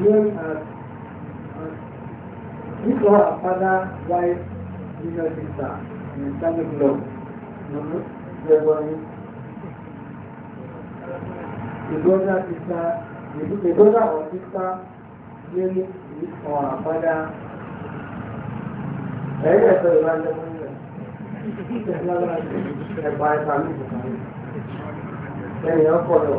known as This was her father, wife, junior sister in Islamic law. The brother, sister, the brother or sister really is for her father. Ẹ̀yẹ́ ẹ̀fẹ́ ìlú ajẹ́ mọ́ nílẹ̀. Ìjọba ẹ̀fà ẹ̀fà ní ìbùkún. Ẹ̀yìn ọkọ̀ lọ.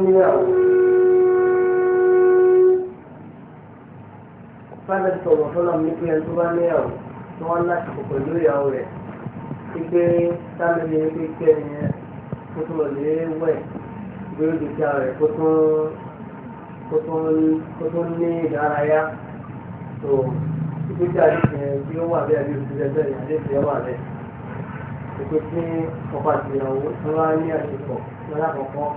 níyàwó fáwọn ẹ̀sìn ọ̀rọ̀ tó lọ́mọ nípa ẹni tó bá níyàwó tí wọ́n láti kọ̀ pẹ̀lú ìyàwó rẹ̀ ọkọ̀ àti ìyàwó tí wọ́n á ní àṣepọ̀ lọ́lá kọ̀ọ̀kan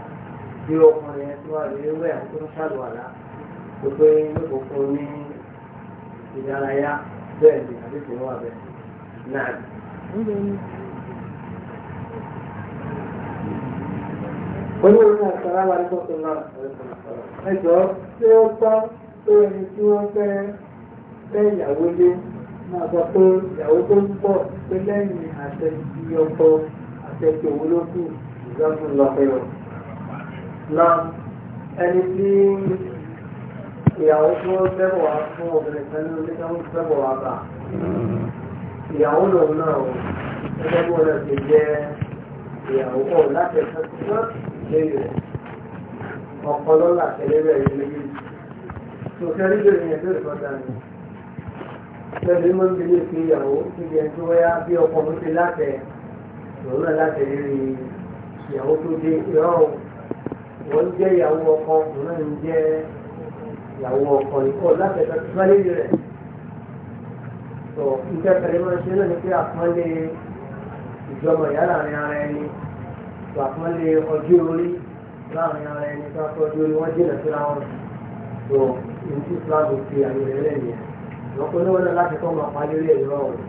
tí ọkùnrin yẹn tí wà lórí wẹ̀ tó ń ṣàlùwàlá tó pé yóò fún ní ìdárayá bẹ́ẹ̀ ni àbí tí wọ́n wà bẹ́ẹ̀ náà. Olúwo ní àṣàrà wà nígbà tó náà. Ẹ jọ ṣé ó tọ́ pé ẹni tí wọ́n fẹ́ fẹ́ ìyàwó lé máa sọ pé ìyàwó tó ń bọ̀ pé lẹ́yìn àṣẹ ọkọ àṣẹ ti kù ìjọba ń lọ pẹ̀lú náà ẹni tí ìyàwó tó bẹ̀bọ̀ wá fún obìnrin kan ní oníkà ń bẹ̀bọ̀ wá bà ìyàwó lòun náà o gẹ́gẹ́ bí wọn ti jẹ́ ìyàwó pọ̀ láti ẹ̀ka tó léèrè ọ̀pọ̀ lọ́la tẹ̀lé rẹ̀ yìí lébi tó kẹ́rí lè yẹn tó ìfọ́dà ni lẹ́bi mọ́ níbi lè fi ìyàwó ti jẹ́ tó wáyá bí ọkọ̀ mi ti látẹ̀ lòun náà látẹ̀ ìyàwó tó dé ìrọ̀rùn wọ́n jẹ́ ìyàwó ọkọ òun ń jẹ́ ìyàwó ọkọ nìkan láti ẹ̀ka tó sálẹ̀ rẹ̀ tó nǹkan kẹrẹ máa ń ṣe náà ni pé àpọ́nlé ìjọba ìyá láàrin ara ẹni tó àpọ́nlé ọjọ́ orí láàrin ara ẹni tó àpọ́nlé orí wọ́n jìnà síra wọn tó ní tí Islam fi àyè rẹ̀ lẹ̀ nìyẹn wọ́n kó lówó náà láti kọ́ máa parí orí ẹ̀rọ ọ̀hún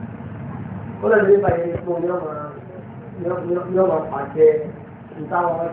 kó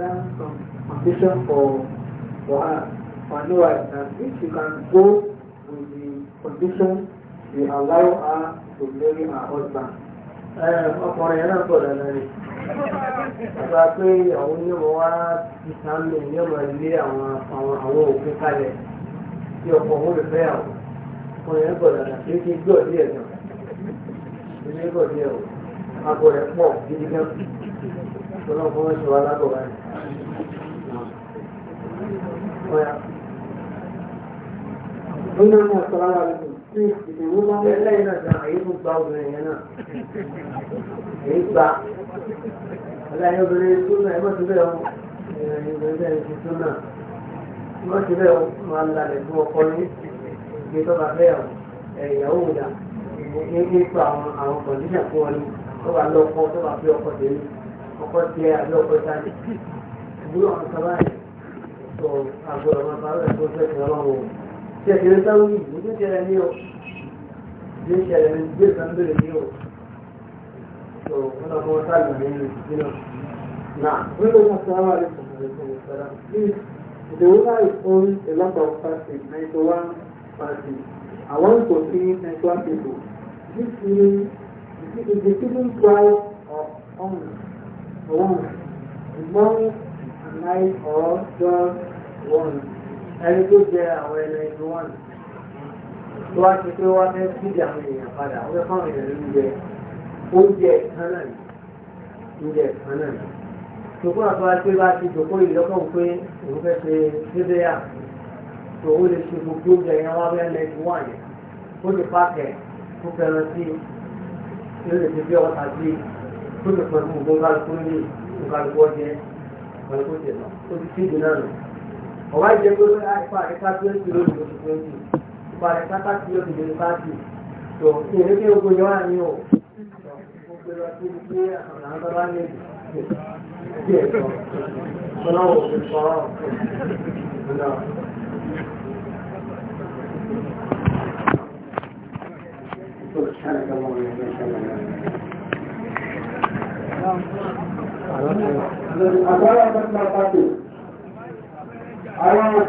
understand some condition for for or no and if she can go with the condition they allow her to marry her husband. Eh, ọkùnrin yẹn náà gbọ́dọ̀ náà ni ọba pé àwọn onímọ̀ wá ti sàmì ní ọmọ ilé àwọn àwọn òfin kalẹ̀ tí ọkọ òun lè fẹ́ àwọn ọkùnrin yẹn gbọ́dọ̀ náà kí kí gbọ́dọ̀ díẹ̀ náà kí kí gbọ́dọ̀ díẹ̀ o agbọ́dọ̀ pọ̀ gidi gan ọlọ́pọ̀ ṣe wà lábọ̀ báyìí. Nínú àwọn àtàlára rẹ̀ tí ìdìbò máa ń lẹ́yìn náà ṣe àyè tó gba obìnrin yẹn náà. Èyí gba. Ọláyé obìnrin tó náà ẹ mọ̀ síbẹ̀ o. Ìrìn ìgbẹ́ ti tó náà. Mọ̀ síbẹ̀ o máa ń lalẹ̀ fún ọkọ ní ìgbé tó bá fẹ́ o. Ẹ̀yàwó ìdá. Ní nípa àwọn kọ̀ndíṣà fún ọ ní. Tó bá lọ ọkọ tó bá fi ọkọ tèmi ọkọ tiẹ̀ àbí ọkọ ìtajà ìbúrò àwọn sábà yẹn sọ àgbọ̀dọ̀ máa bá rẹ̀ tó fẹ́ tẹ̀ ọlọ́run o tí ẹ̀kẹ́ ló sáwọn yìí ló jẹ́rẹ̀ ní o bí ó ṣẹlẹ̀ ní bí ìsàn bèrè ní o tó wọn lọ fọwọ́ sáàlù ní ìlú ìdílé náà wọn lọ wọn sáwọn àlẹ́ tó fẹ́ tó fẹ́ rà please the owner is own a lot of parties ninety one parties I want to see ninety one people this means the people price of owners òun ìgbọ́n àmáyé ọ̀rọ̀ jọ́n wọ́n ẹni tó jẹ àwọn ẹni ẹni wọ́n tó wá ti pé wá fẹ́ fídì àwọn èèyàn padà wọ́n fáwọn èèyàn lóúnjẹ oúnjẹ kan náà oúnjẹ kan náà tòkó àtọ́wá pé bá ti tòkó ìlọ́kàn pé òun fẹ́ ṣe fídíà tó ó lè ṣe gbogbo oúnjẹ yẹn wá bẹ́ẹ̀ lẹ́yìn wọ́n yẹn ó lè pàkẹ́ ó fẹ́ràn sí i ó ọ̀tá sí tó lè pẹ̀lú nǹkan kálukú ní nǹkan ọjẹ́ kálukú jẹ̀ lọ tó ti kéde náà nù. ọ̀wá ìjẹ́ pé ipa àríká tó ń ti lórí oṣù twenty ipa àríká tá ti lórí oṣù thirty tó kí ẹni pé ogun yẹn wà ní o ó pe lọ sí ibi pé àwọn àwọn bá ní èdè díẹ̀ tó tọ́lá wò ó sọ ọ́ ọ̀nà. سبحانك اللهم وبحمدك Àwọn ọ̀sán